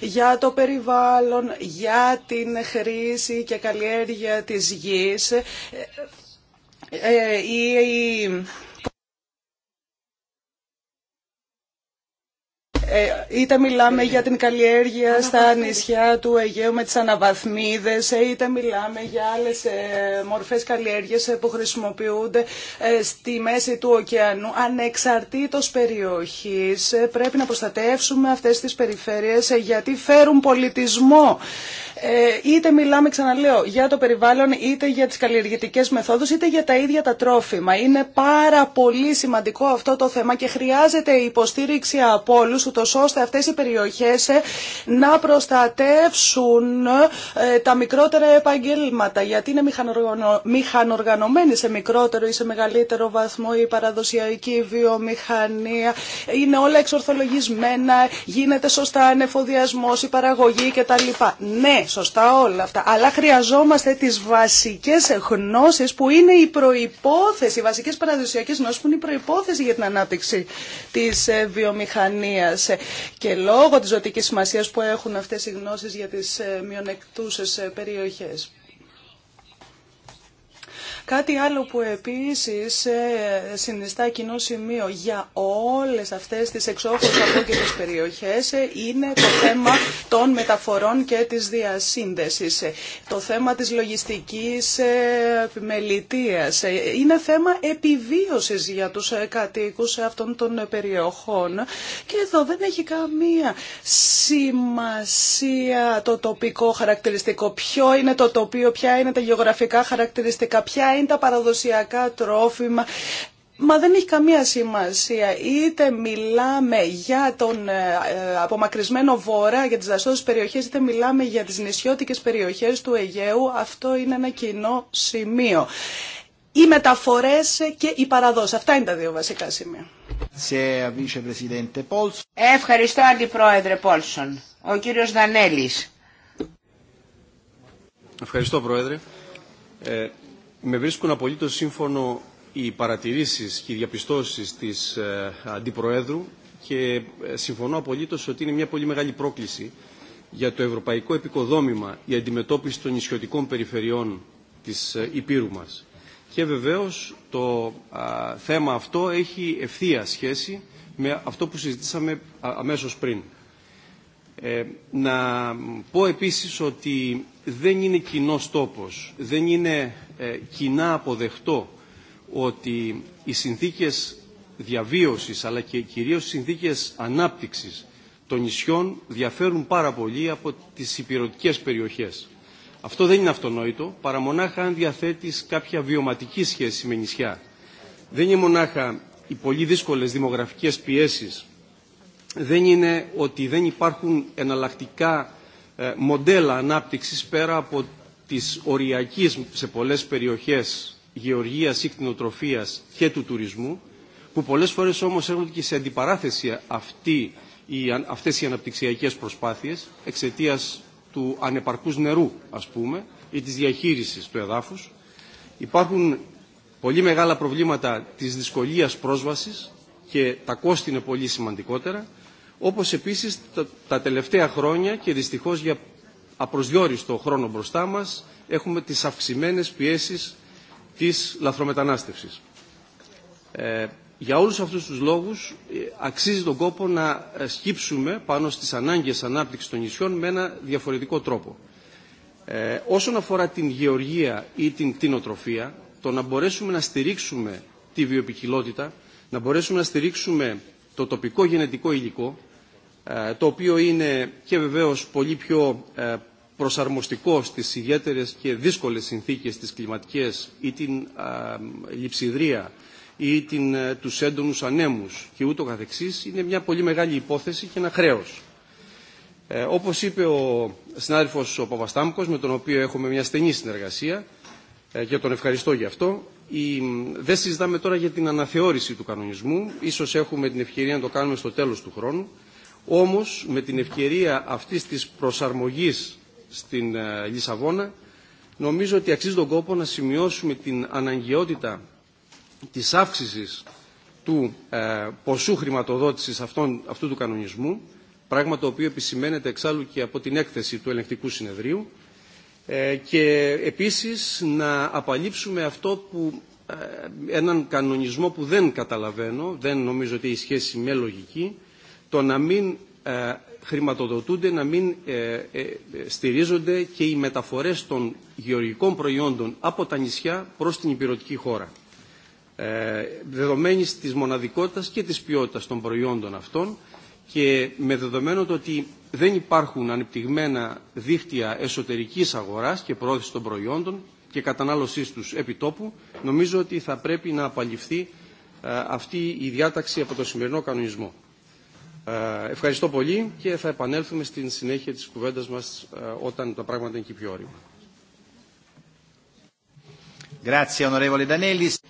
για το περιβάλλον, για την χρήση και καλλιέργεια της γης. Ε, ε, Ε, είτε μιλάμε για την καλλιέργεια στα νησιά του Αιγαίου με τις αναβαθμίδες, ε, είτε μιλάμε για άλλες ε, μορφές καλλιέργειας που χρησιμοποιούνται στη μέση του ωκεανού. Ανεξαρτήτως περιοχής πρέπει να προστατεύσουμε αυτές τις περιφέρειες γιατί φέρουν πολιτισμό. Είτε μιλάμε, ξαναλέω, για το περιβάλλον, είτε για τις καλλιεργητικές μεθόδους, είτε για τα ίδια τα τρόφιμα. Είναι πάρα πολύ σημαντικό αυτό το θέμα και χρειάζεται υποστήριξη από όλους, ώστε αυτές οι περιοχές ε, να προστατεύσουν ε, τα μικρότερα επαγγέλματα γιατί είναι μηχανοργανωμένοι σε μικρότερο ή σε μεγαλύτερο βαθμό η παραδοσιακή βιομηχανία είναι όλα εξορθολογισμένα, γίνεται σωστά ανεφοδιασμός, η παραγωγή κτλ. Ναι, σωστά όλα αυτά, αλλά χρειαζόμαστε τις βασικές γνώσεις που είναι η προϋπόθεση, οι βασικές παραδοσιακές γνώσεις που είναι η προϋπόθεση για την ανάπτυξη της ε, βιομηχανίας. Ε, και λόγω της ζωτικής σημασίας που έχουν αυτές οι γνώσεις για τις ε, μειονεκτούσες ε, περιοχές. Κάτι άλλο που επίσης ε, συνιστά κοινό σημείο για όλες αυτές τις εξόχως τις περιοχές ε, είναι το θέμα των μεταφορών και της διασύνδεσης. Ε. Το θέμα της λογιστικής μελητία Είναι θέμα επιβίωσης για τους κατοίκους αυτών των περιοχών και εδώ δεν έχει καμία σημασία το τοπικό χαρακτηριστικό. Ποιο είναι το τοπίο, ποια είναι τα γεωγραφικά χαρακτηριστικά, ποια είναι τα παραδοσιακά τρόφιμα. Μα δεν έχει καμία σημασία. Είτε μιλάμε για τον ε, απομακρυσμένο βορρά, για τις δαστώσεις περιοχές, είτε μιλάμε για τις νησιώτικες περιοχές του Αιγαίου. Αυτό είναι ένα κοινό σημείο. Οι μεταφορές και οι παραδόσεις. Αυτά είναι τα δύο βασικά σημεία. Ευχαριστώ Αντιπρόεδρε Πόλσον. Ο κύριος Δανέλης. Ευχαριστώ Πρόεδρε. Ε, με βρίσκουν απολύτως σύμφωνο οι παρατηρήσεις και οι διαπιστώσεις της ε, Αντιπροέδρου και ε, συμφωνώ απολύτως ότι είναι μια πολύ μεγάλη πρόκληση για το ευρωπαϊκό επικοδόμημα η αντιμετώπιση των νησιωτικών περιφερειών της ε, Υπήρου μας. Και βεβαίως το θέμα αυτό έχει ευθεία σχέση με αυτό που συζητήσαμε αμέσως πριν. Ε, να πω επίσης ότι δεν είναι κοινό τόπος, δεν είναι ε, κοινά αποδεχτό ότι οι συνθήκες διαβίωσης αλλά και κυρίως οι συνθήκες ανάπτυξης των νησιών διαφέρουν πάρα πολύ από τις υπηρετικές περιοχές. Αυτό δεν είναι αυτονόητο, παρά μονάχα αν διαθέτεις κάποια βιωματική σχέση με νησιά. Δεν είναι μονάχα οι πολύ δύσκολες δημογραφικές πιέσεις δεν είναι ότι δεν υπάρχουν εναλλακτικά ε, μοντέλα ανάπτυξης πέρα από τις οριακής σε πολλές περιοχές γεωργίας ή κτηνοτροφίας και του τουρισμού, που πολλές φορές όμως έρχονται και σε αντιπαράθεση αυτή, οι, αυτές οι αναπτυξιακές προσπάθειες εξαιτίας του ανεπαρκούς νερού, ας πούμε, ή της διαχείρισης του εδάφους. Υπάρχουν πολύ μεγάλα προβλήματα της δυσκολίας πρόσβασης και τα κόστη είναι πολύ σημαντικότερα όπως επίσης τα τελευταία χρόνια και δυστυχώς για απροσδιόριστο χρόνο μπροστά μας έχουμε τις αυξημένες πιέσεις της λαθρομετανάστευσης. Ε, για όλους αυτούς τους λόγους ε, αξίζει τον κόπο να ε, σκύψουμε πάνω στις ανάγκες ανάπτυξης των νησιών με ένα διαφορετικό τρόπο. Ε, όσον αφορά την γεωργία ή την κτηνοτροφία, το να μπορέσουμε να στηρίξουμε τη βιοπικιλότητα, να μπορέσουμε να στηρίξουμε το τοπικό γενετικό υλικό, ε, το οποίο είναι και βεβαίως πολύ πιο ε, προσαρμοστικό στις ιδιαίτερες και δύσκολες συνθήκες της κλιματικές ή την ε, λειψιδρία ή την, τους έντονους ανέμους και ούτω καθεξής είναι μια πολύ μεγάλη υπόθεση και ένα χρέος. Ε, όπως είπε ο συνάδελφος ο Παπαστάμκος με τον οποίο έχουμε μια στενή συνεργασία ε, και τον ευχαριστώ για αυτό η, δεν συζητάμε τώρα για την αναθεώρηση του κανονισμού ίσως έχουμε την ευκαιρία να το κάνουμε στο τέλος του χρόνου όμως με την ευκαιρία αυτής της προσαρμογής στην ε, Λισαβόνα νομίζω ότι αξίζει τον κόπο να σημειώσουμε την αναγκαιότητα της αύξησης του ε, ποσού χρηματοδότησης αυτού του κανονισμού, πράγμα το οποίο επισημαίνεται εξάλλου και από την έκθεση του ελεγκτικού συνεδρίου, ε, και επίσης να απαλείψουμε αυτό που έναν κανονισμό που δεν καταλαβαίνω, δεν νομίζω ότι έχει σχέση με λογική, το να μην ε, χρηματοδοτούνται, να μην ε, ε, στηρίζονται και οι μεταφορές των γεωργικών προϊόντων από τα νησιά προς την υπηρετική χώρα. Δεδομένης της μοναδικότητας και της ποιότητας των προϊόντων αυτών και με δεδομένο το ότι δεν υπάρχουν ανεπτυγμένα δίχτυα εσωτερικής αγοράς και πρόθεση των προϊόντων και κατανάλωσής τους επιτόπου, νομίζω ότι θα πρέπει να απαλληφθεί αυτή η διάταξη από το σημερινό κανονισμό. Ε, ευχαριστώ πολύ και θα επανέλθουμε στην συνέχεια της κουβέντας μας ε, όταν τα πράγματα είναι και πιο όριμα.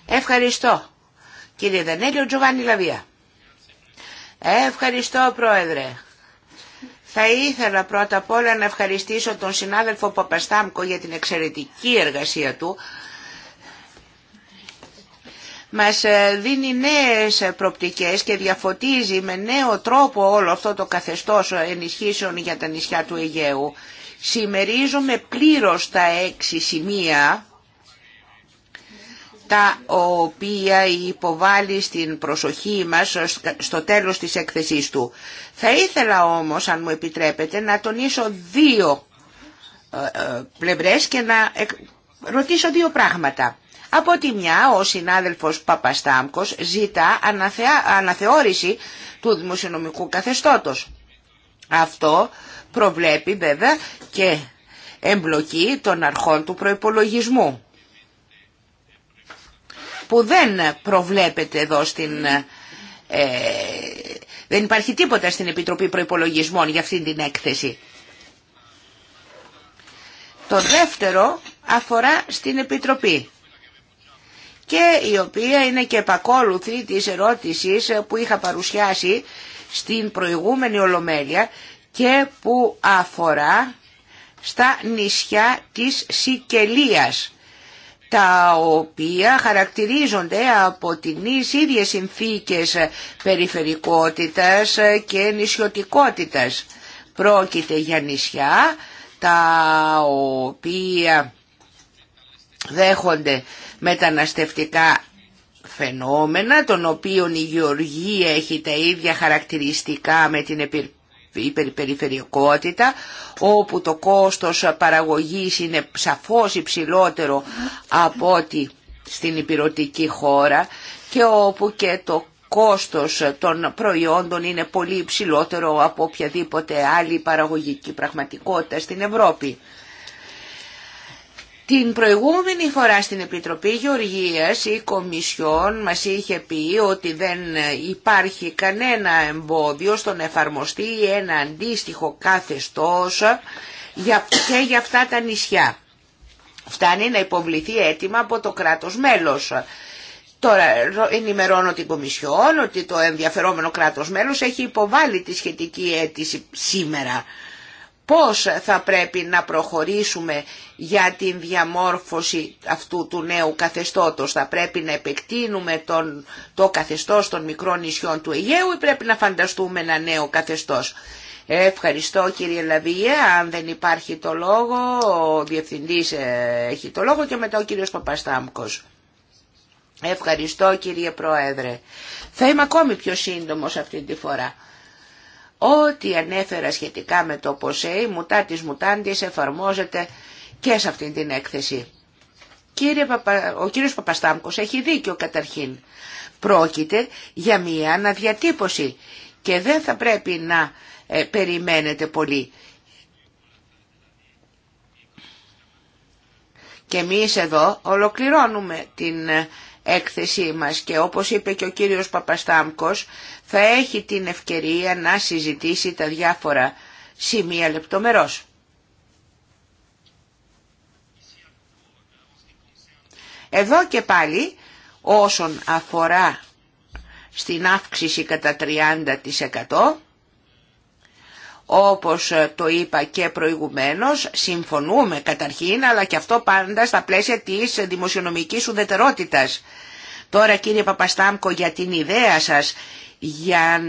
Ευχαριστώ. Κύριε Δανέλη, Τζοβάνι Λαβία. Ευχαριστώ, Πρόεδρε. Θα ήθελα πρώτα απ' όλα να ευχαριστήσω τον συνάδελφο Παπαστάμκο για την εξαιρετική εργασία του μας ε, δίνει νέες προπτικές και διαφωτίζει με νέο τρόπο όλο αυτό το καθεστώς ενισχύσεων για τα νησιά του Αιγαίου. Σημερίζουμε πλήρως τα έξι σημεία τα οποία υποβάλλει στην προσοχή μας στο τέλος της έκθεσής του. Θα ήθελα όμως, αν μου επιτρέπετε, να τονίσω δύο ε, ε, πλευρές και να ρωτήσω δύο πράγματα. Από τη μια ο συνάδελφος Παπαστάμκος ζητά αναθεώρηση του δημοσιονομικού καθεστώτος. Αυτό προβλέπει βέβαια και εμπλοκή των αρχών του προϋπολογισμού που δεν προβλέπεται εδώ στην... Ε, δεν υπάρχει τίποτα στην Επιτροπή Προϋπολογισμών για αυτή την έκθεση. Το δεύτερο αφορά στην Επιτροπή και η οποία είναι και επακόλουθη της ερώτησης που είχα παρουσιάσει στην προηγούμενη Ολομέλεια και που αφορά στα νησιά της Σικελίας τα οποία χαρακτηρίζονται από την ίδιες συνθήκες περιφερικότητας και νησιωτικότητας. Πρόκειται για νησιά τα οποία δέχονται μεταναστευτικά φαινόμενα, των οποίων η γεωργία έχει τα ίδια χαρακτηριστικά με την υπερπεριφερειακότητα, όπου το κόστος παραγωγής είναι σαφώς υψηλότερο από ό,τι στην υπηρετική χώρα και όπου και το κόστος των προϊόντων είναι πολύ υψηλότερο από οποιαδήποτε άλλη παραγωγική πραγματικότητα στην Ευρώπη. Την προηγούμενη φορά στην Επιτροπή Γεωργίας η Κομισιόν μας είχε πει ότι δεν υπάρχει κανένα εμπόδιο στον να εφαρμοστεί ένα αντίστοιχο καθεστώς και για αυτά τα νησιά. Φτάνει να υποβληθεί έτοιμα από το κράτος μέλος. Τώρα ενημερώνω την Κομισιόν ότι το ενδιαφερόμενο κράτος μέλος έχει υποβάλει τη σχετική αίτηση σήμερα πώς θα πρέπει να προχωρήσουμε για την διαμόρφωση αυτού του νέου καθεστώτος. Θα πρέπει να επεκτείνουμε τον, το καθεστώς των μικρών νησιών του Αιγαίου ή πρέπει να φανταστούμε ένα νέο καθεστώς. Ευχαριστώ κύριε Λαβιέ. Αν δεν υπάρχει το λόγο, ο Διευθυντής ε, έχει το λόγο και μετά ο κύριος Παπαστάμκος. Ευχαριστώ κύριε Πρόεδρε. Θα είμαι ακόμη πιο σύντομος αυτή τη φορά. Ό,τι ανέφερα σχετικά με το ΠΟΣΕΙ, μουτά της μουτάντης εφαρμόζεται και σε αυτή την έκθεση. Ο κύριος Παπαστάμκος έχει δίκιο καταρχήν. Πρόκειται για μία αναδιατύπωση και δεν θα πρέπει να ε, περιμένετε πολύ. Και εμείς εδώ ολοκληρώνουμε την ε, έκθεσή μας και όπως είπε και ο κύριος Παπαστάμκος θα έχει την ευκαιρία να συζητήσει τα διάφορα σημεία λεπτομερώς. Εδώ και πάλι όσον αφορά στην αύξηση κατά 30% όπως το είπα και προηγουμένως, συμφωνούμε καταρχήν, αλλά και αυτό πάντα στα πλαίσια της δημοσιονομικής ουδετερότητας. Τώρα κύριε Παπαστάμκο για την ιδέα σας για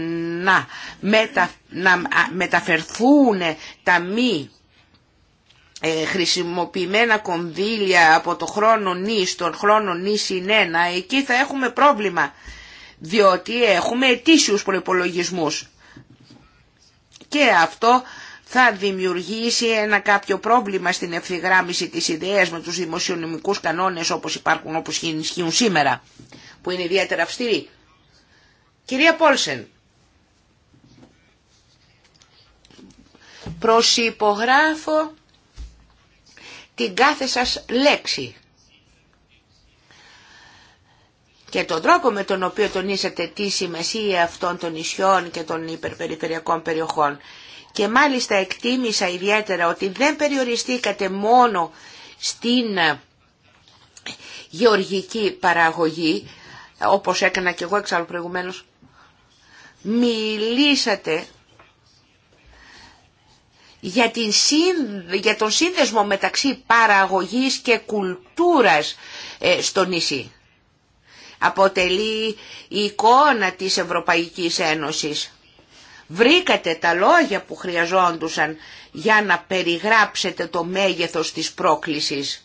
να, μετα, μεταφερθούν τα μη ε, χρησιμοποιημένα κονδύλια από το χρόνο νη στον χρόνο νη συνένα, εκεί θα έχουμε πρόβλημα, διότι έχουμε ετήσιους προϋπολογισμούς. Και αυτό θα δημιουργήσει ένα κάποιο πρόβλημα στην ευθυγράμμιση της ιδέας με τους δημοσιονομικούς κανόνες όπως υπάρχουν, όπως ισχύουν σήμερα, που είναι ιδιαίτερα αυστηροί. Κυρία Πόλσεν, προσυπογράφω την κάθε σας λέξη και τον τρόπο με τον οποίο τονίσατε τη σημασία αυτών των νησιών και των υπερπεριφερειακών περιοχών και μάλιστα εκτίμησα ιδιαίτερα ότι δεν περιοριστήκατε μόνο στην ε, γεωργική παραγωγή, όπως έκανα και εγώ εξάλλου προηγουμένως, μιλήσατε για, την για τον σύνδεσμο μεταξύ παραγωγής και κουλτούρας ε, στο νησί. Αποτελεί η εικόνα της Ευρωπαϊκής Ένωσης βρήκατε τα λόγια που χρειαζόντουσαν για να περιγράψετε το μέγεθος της πρόκλησης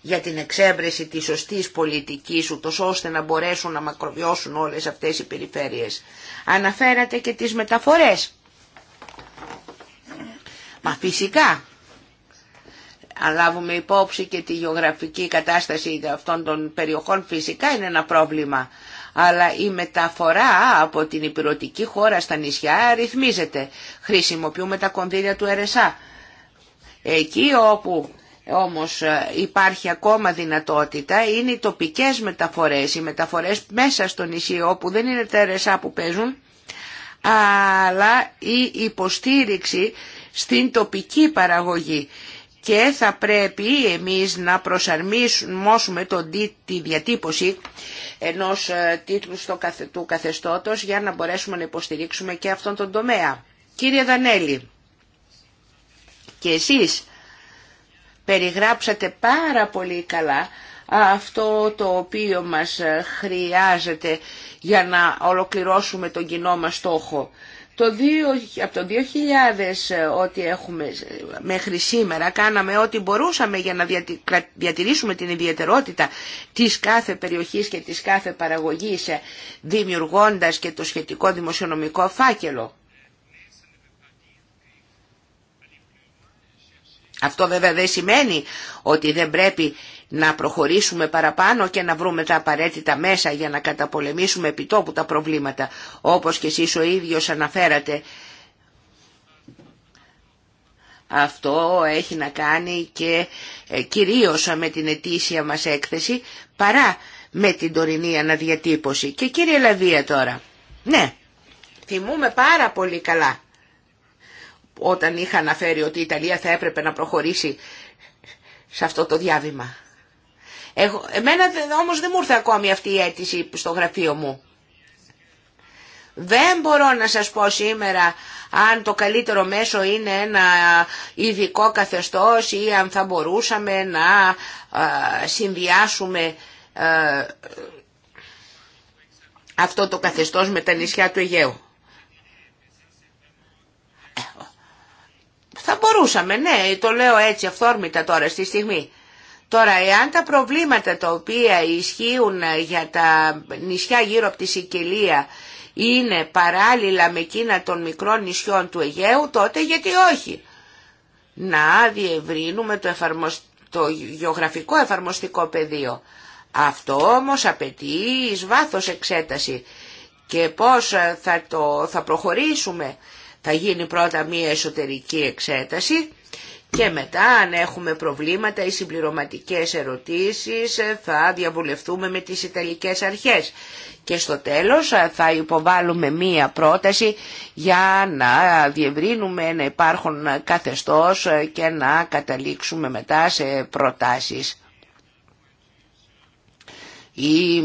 για την εξέβρεση της σωστής πολιτικής ούτως ώστε να μπορέσουν να μακροβιώσουν όλες αυτές οι περιφέρειες. Αναφέρατε και τις μεταφορές. Μα φυσικά, αν λάβουμε υπόψη και τη γεωγραφική κατάσταση αυτών των περιοχών, φυσικά είναι ένα πρόβλημα αλλά η μεταφορά από την υπηρετική χώρα στα νησιά ρυθμίζεται. Χρησιμοποιούμε τα κονδύλια του ΕΡΕΣΑ. Εκεί όπου όμως ε, υπάρχει ακόμα δυνατότητα είναι οι τοπικές μεταφορές, οι μεταφορές μέσα στο νησί όπου δεν είναι τα ΕΡΕΣΑ που παίζουν, αλλά η υποστήριξη στην τοπική παραγωγή και θα πρέπει εμείς να προσαρμόσουμε τη διατύπωση ενός ε, τίτλου στο, του καθεστώτος για να μπορέσουμε να υποστηρίξουμε και αυτόν τον τομέα. Κύριε Δανέλη, και εσείς περιγράψατε πάρα πολύ καλά αυτό το οποίο μας ε, χρειάζεται για να ολοκληρώσουμε τον κοινό μας στόχο. Το από το 2000 ε, ό,τι έχουμε ε, μέχρι σήμερα κάναμε ό,τι μπορούσαμε για να διατηρήσουμε την ιδιαιτερότητα της κάθε περιοχής και της κάθε παραγωγής ε, δημιουργώντας και το σχετικό δημοσιονομικό φάκελο. Αυτό βέβαια δεν σημαίνει ότι δεν πρέπει να προχωρήσουμε παραπάνω και να βρούμε τα απαραίτητα μέσα για να καταπολεμήσουμε επιτόπου τα προβλήματα, όπως και εσείς ο ίδιος αναφέρατε. Αυτό έχει να κάνει και ε, κυρίως με την ετήσια μας έκθεση παρά με την τωρινή αναδιατύπωση. Και κύριε Λαβία τώρα, ναι, θυμούμε πάρα πολύ καλά όταν είχα αναφέρει ότι η Ιταλία θα έπρεπε να προχωρήσει σε αυτό το διάβημα εμένα όμως δεν μου ήρθε ακόμη αυτή η αίτηση στο γραφείο μου. Δεν μπορώ να σας πω σήμερα αν το καλύτερο μέσο είναι ένα ειδικό καθεστώς ή αν θα μπορούσαμε να συνδυάσουμε αυτό το καθεστώς με τα νησιά του Αιγαίου. Θα μπορούσαμε, ναι, το λέω έτσι αυθόρμητα τώρα στη στιγμή. Τώρα, εάν τα προβλήματα τα οποία ισχύουν για τα νησιά γύρω από τη Σικελία είναι παράλληλα με εκείνα των μικρών νησιών του Αιγαίου, τότε γιατί όχι. Να διευρύνουμε το, εφαρμοσ... το γεωγραφικό εφαρμοστικό πεδίο. Αυτό όμως απαιτεί εις βάθος εξέταση και πώς ε, θα, το... θα προχωρήσουμε. Θα γίνει πρώτα μία εσωτερική εξέταση και μετά αν έχουμε προβλήματα ή συμπληρωματικές ερωτήσεις ε, θα διαβουλευτούμε με τις Ιταλικές αρχές. Και στο τέλος ε, θα υποβάλουμε μία πρόταση για να διευρύνουμε ένα υπάρχον καθεστώς ε, και να καταλήξουμε μετά σε προτάσεις ή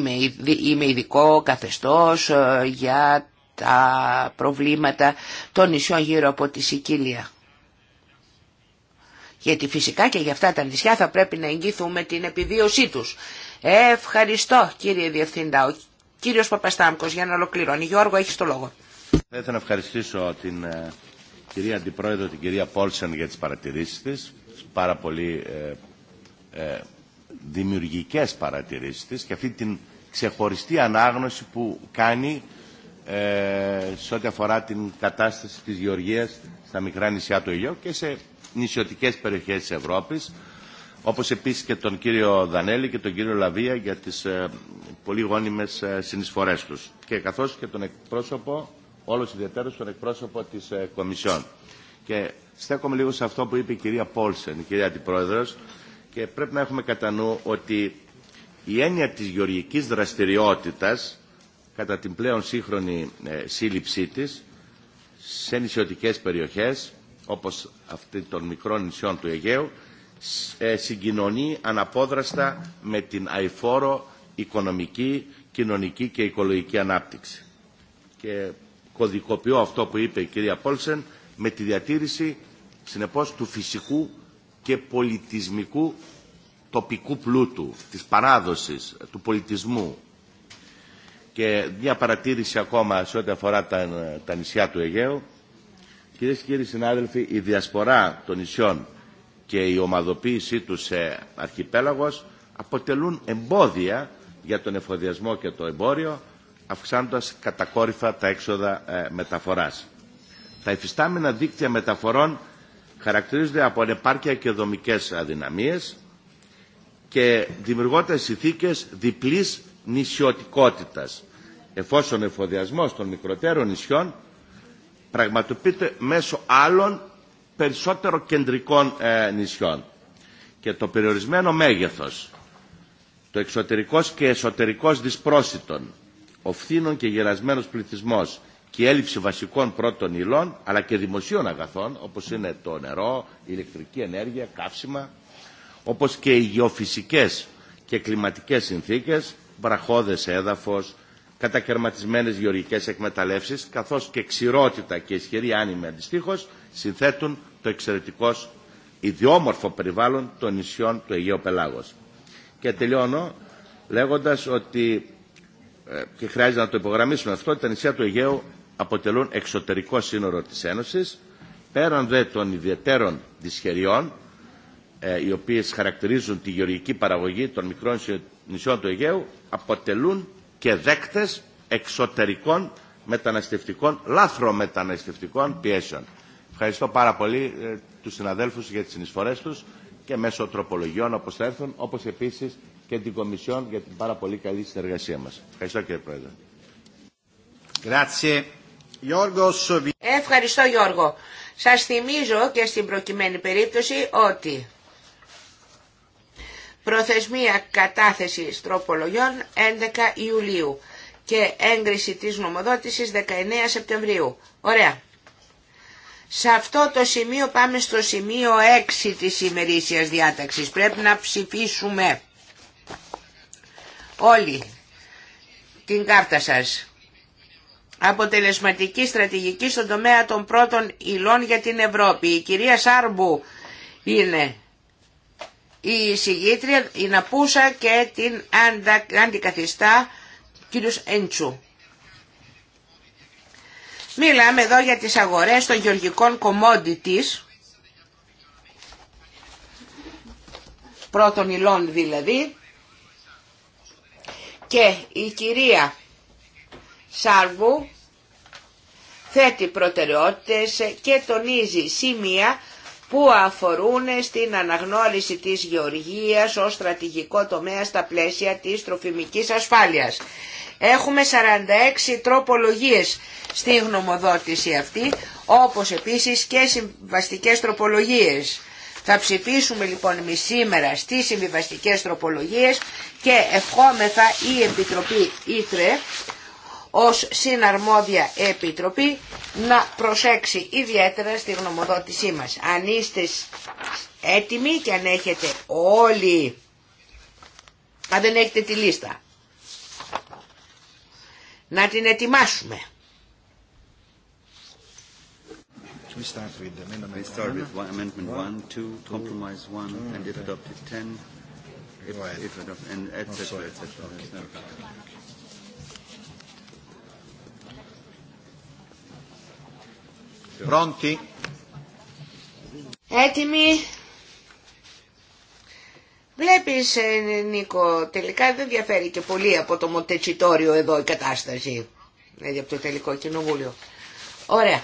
με ειδικό καθεστώς για τα προβλήματα των νησιών γύρω από τη Σικίλια. Γιατί φυσικά και για αυτά τα νησιά θα πρέπει να εγγυθούμε την επιβίωσή τους. Ευχαριστώ κύριε Διευθύντα. Ο κύριος Παπαστάμκος για να ολοκληρώνει. Γιώργο έχει το λόγο. Θα ήθελα να ευχαριστήσω την ε, κυρία Αντιπρόεδρο, την κυρία Πόλσεν για τις παρατηρήσεις της. Πάρα πολύ ε, ε, δημιουργικές παρατηρήσεις της και αυτή την ξεχωριστή ανάγνωση που κάνει ε, σε ό,τι αφορά την κατάσταση της γεωργίας στα μικρά νησιά του Ηλιό και σε νησιωτικές περιοχές της Ευρώπης, όπως επίσης και τον κύριο Δανέλη και τον κύριο Λαβία για τις ε, πολύ γόνιμες ε, συνεισφορές τους και καθώς και τον εκπρόσωπο, όλος ιδιαίτερος τον εκπρόσωπο της ε, Κομισιόν. Και στέκομαι λίγο σε αυτό που είπε η κυρία Πόλσεν, η κυρία Αντιπρόεδρος, και πρέπει να έχουμε κατά νου ότι η έννοια της γεωργικής δραστηριότητας κατά την πλέον σύγχρονη σύλληψή της σε νησιωτικές περιοχές όπως αυτή των μικρών νησιών του Αιγαίου ε, συγκοινωνεί αναπόδραστα με την αηφόρο οικονομική, κοινωνική και οικολογική ανάπτυξη. Και κωδικοποιώ αυτό που είπε η κυρία Πόλσεν με τη διατήρηση συνεπώς του φυσικού και πολιτισμικού τοπικού πλούτου, της παράδοσης, του πολιτισμού. Και μια παρατήρηση ακόμα σε ό,τι αφορά τα νησιά του Αιγαίου. Κυρίε και κύριοι συνάδελφοι, η διασπορά των νησιών και η ομαδοποίησή του σε αρχιπέλαγος αποτελούν εμπόδια για τον εφοδιασμό και το εμπόριο, αυξάνοντας κατακόρυφα τα έξοδα ε, μεταφοράς. Τα εφιστάμενα δίκτυα μεταφορών χαρακτηρίζονται από ανεπάρκεια και δομικές αδυναμίες και δημιουργώντα ηθίκες διπλής νησιωτικότητας, εφόσον ο εφοδιασμός των μικροτέρων νησιών πραγματοποιείται μέσω άλλων περισσότερο κεντρικών ε, νησιών. Και το περιορισμένο μέγεθος, το εξωτερικός και εσωτερικός δυσπρόσιτον, ο φθήνων και γερασμένος πληθυσμός και έλλειψη βασικών πρώτων υλών, αλλά και δημοσίων αγαθών, όπως είναι το νερό, η ηλεκτρική ενέργεια, καύσιμα, όπως και οι γεωφυσικές και κλιματικές συνθήκες, βραχώδες έδαφος, κατακαιρματισμένες γεωργικές εκμεταλλεύσεις, καθώς και ξηρότητα και ισχυρή άνοιμη αντιστοίχω συνθέτουν το εξαιρετικό ιδιόμορφο περιβάλλον των νησιών του Αιγαίου Πελάγος. Και τελειώνω λέγοντας ότι, ε, και χρειάζεται να το υπογραμμίσουμε αυτό, τα νησιά του Αιγαίου αποτελούν εξωτερικό σύνορο της Ένωσης, πέραν δε των ιδιαίτερων δυσχεριών, ε, οι οποίες χαρακτηρίζουν τη γεωργική παραγωγή των μικρών νησιών του Αιγαίου, αποτελούν και δέκτες εξωτερικών μεταναστευτικών, λάθρο μεταναστευτικών πιέσεων. Ευχαριστώ πάρα πολύ ε, τους συναδέλφους για τις συνεισφορές τους και μέσω τροπολογιών όπως θα έρθουν, όπως επίσης και την Κομισιόν για την πάρα πολύ καλή συνεργασία μας. Ευχαριστώ κύριε Πρόεδρε. Ευχαριστώ Γιώργο. Σας θυμίζω και στην προκειμένη περίπτωση ότι Προθεσμία κατάθεσης τροπολογιών 11 Ιουλίου και έγκριση της νομοδότησης 19 Σεπτεμβρίου. Ωραία. Σε αυτό το σημείο πάμε στο σημείο 6 της ημερήσιας διάταξης. Πρέπει να ψηφίσουμε όλοι την κάρτα σας. Αποτελεσματική στρατηγική στον τομέα των πρώτων υλών για την Ευρώπη. Η κυρία Σάρμπου είναι η συγγήτρια, η Ναπούσα και την αντικαθιστά κύριος Έντσου. Μιλάμε εδώ για τις αγορές των γεωργικών commodities, πρώτων υλών δηλαδή, και η κυρία Σάρβου θέτει προτεραιότητες και τονίζει σημεία που αφορούν στην αναγνώριση της γεωργίας ως στρατηγικό τομέα στα πλαίσια της τροφιμικής ασφάλειας. Έχουμε 46 τροπολογίες στη γνωμοδότηση αυτή, όπως επίσης και συμβαστικές τροπολογίες. Θα ψηφίσουμε λοιπόν εμεί σήμερα στις συμβιβαστικές τροπολογίες και ευχόμεθα η Επιτροπή Ήτρε ως συναρμόδια επιτροπή να προσέξει ιδιαίτερα στη γνωμοδότησή μας. Αν είστε έτοιμοι και αν έχετε όλοι, αν δεν έχετε τη λίστα, να την ετοιμάσουμε. We start with amendment We start with one, amendment 1, two, compromise 1, and if adopted 10, if, if adopted, and etc. Oh, etc. Pronti? Έτοιμοι. Βλέπεις ε, Νίκο, τελικά δεν διαφέρει και πολύ από το μοτετσιτόριο εδώ η κατάσταση. Δηλαδή από το τελικό κοινοβούλιο. Ωραία.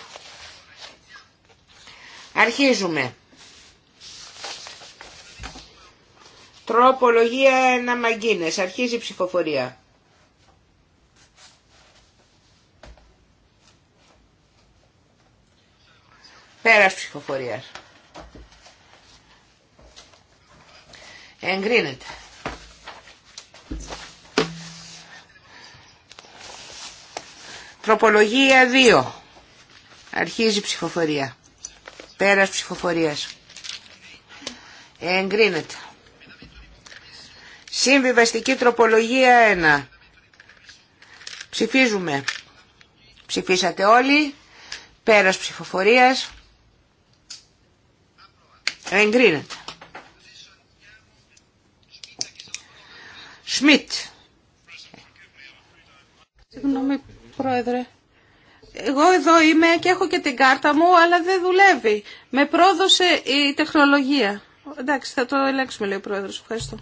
Αρχίζουμε. Τροπολογία να μαγκίνες. Αρχίζει η ψηφοφορία. Πέρας ψυχοφορίας. Εγκρίνεται. Τροπολογία 2. Αρχίζει ψηφοφορία. Πέρας ψυχοφορίας. Εγκρίνεται. Συμβιβαστική τροπολογία 1. Ψηφίζουμε. Ψηφίσατε όλοι. Πέρας ψηφοφορίας. Εγκρίνεται. Σμιτ. Συγγνώμη, Πρόεδρε. Εγώ εδώ είμαι και έχω και την κάρτα μου, αλλά δεν δουλεύει. Με πρόδωσε η τεχνολογία. Εντάξει, θα το ελέγξουμε, λέει ο Πρόεδρο. Ευχαριστώ.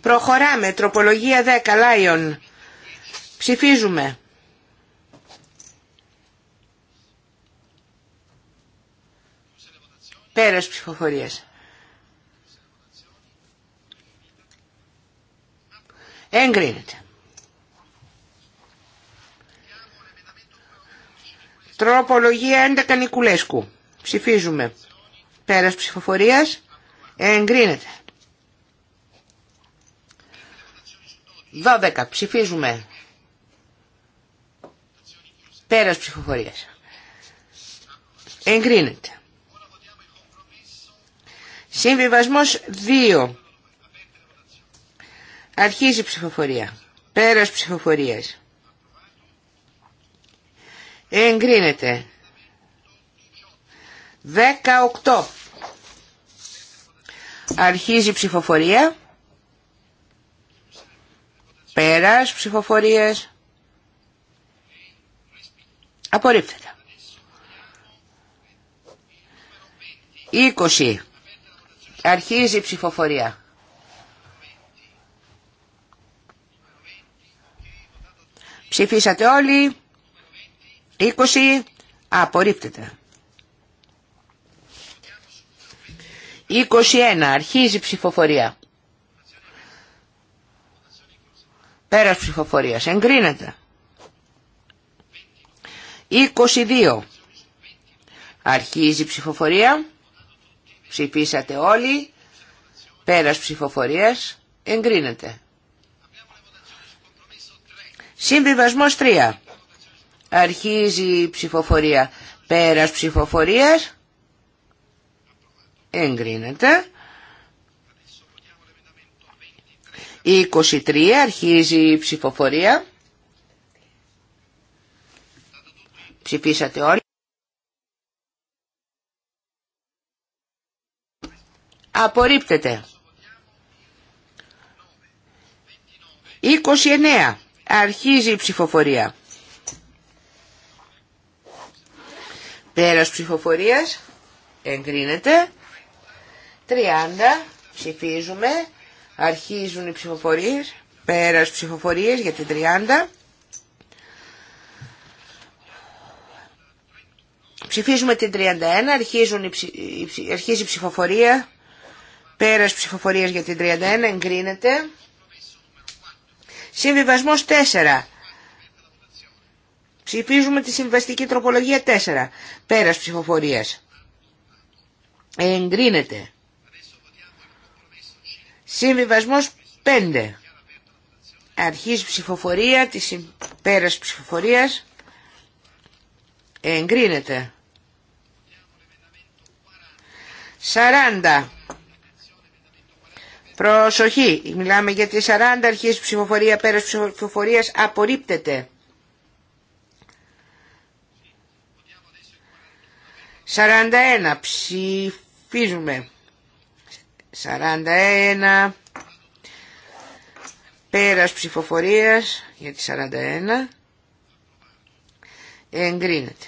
Προχωράμε. Τροπολογία 10. Λάιον. Ψηφίζουμε. Πέρας ψηφοφορίας. Εγκρίνεται. Τροπολογία 11 Νικουλέσκου. Ψηφίζουμε. Πέρας ψηφοφορίας. Εγκρίνεται. 12. Ψηφίζουμε. Πέρας ψηφοφορίας. Εγκρίνεται. Συμβιβασμό 2. Αρχίζει ψηφοφορία. Πέρας ψηφοφορία. Εγκρίνεται. 18. Αρχίζει ψηφοφορία. Πέρας ψηφοφορίας. Απορρίπτεται. 20. Αρχίζει η ψηφοφορία. Ψηφίσατε όλοι. 20. Απορρίπτεται. 21. Αρχίζει η ψηφοφορία. Πέρας ψηφοφορίας. Εγκρίνεται. 22. Αρχίζει η ψηφοφορία. Ψηφίσατε όλοι. Πέρας ψηφοφορίας. Εγκρίνεται. Συμβιβασμός 3. Αρχίζει η ψηφοφορία. Πέρας ψηφοφορίας. Εγκρίνεται. 23 αρχίζει η ψηφοφορία. Ψηφίσατε όλοι. απορρίπτεται. 29. Αρχίζει η ψηφοφορία. Πέρας ψηφοφορίας. Εγκρίνεται. 30. Ψηφίζουμε. Αρχίζουν οι ψηφοφορίες. Πέρας ψηφοφορίες για την 30. Ψηφίζουμε την 31, αρχίζουν αρχίζει η ψηφοφορία, Πέρας ψηφοφορίας για την 31 εγκρίνεται. Συμβιβασμός 4. Ψηφίζουμε τη συμβαστική τροπολογία 4. Πέρας ψηφοφορίας. Εγκρίνεται. Συμβιβασμός 5. Αρχής ψηφοφορία, της πέρας ψηφοφορίας. Εγκρίνεται. 40. Προσοχή, μιλάμε για τις 40 αρχές ψηφοφορία, πέρας ψηφοφορίας απορρίπτεται. 41 ψηφίζουμε. 41 πέρας ψηφοφορίας για τις 41 εγκρίνεται.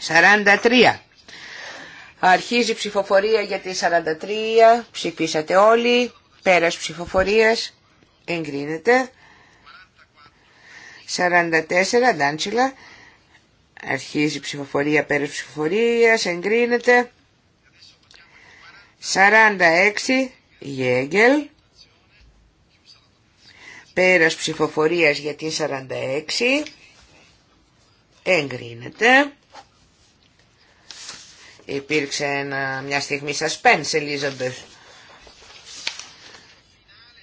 43 Αρχίζει ψηφοφορία για τη 43, ψηφίσατε όλοι, πέρας ψηφοφορίας, εγκρίνεται. 44, Ντάντσιλα, αρχίζει ψηφοφορία, πέρας ψηφοφορίας, εγκρίνεται. 46, Γέγγελ, πέρας ψηφοφορίας για τη 46, εγκρίνεται. Υπήρξε ένα, μια στιγμή suspense, Elizabeth.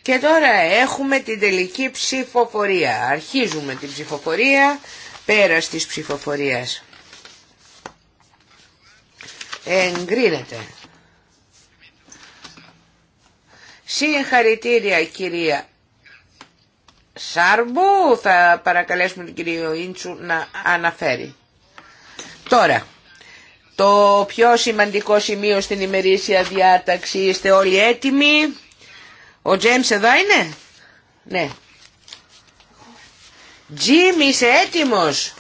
Και τώρα έχουμε την τελική ψηφοφορία. Αρχίζουμε την ψηφοφορία πέρας της ψηφοφορίας. Εγκρίνεται. Συγχαρητήρια κυρία Σάρμπου. Θα παρακαλέσουμε την κυρία Ίντσου να αναφέρει. Τώρα. Το πιο σημαντικό σημείο στην ημερήσια διάταξη είστε όλοι έτοιμοι. Ο Τζέμς εδώ είναι. Ναι. Τζίμ είσαι έτοιμος.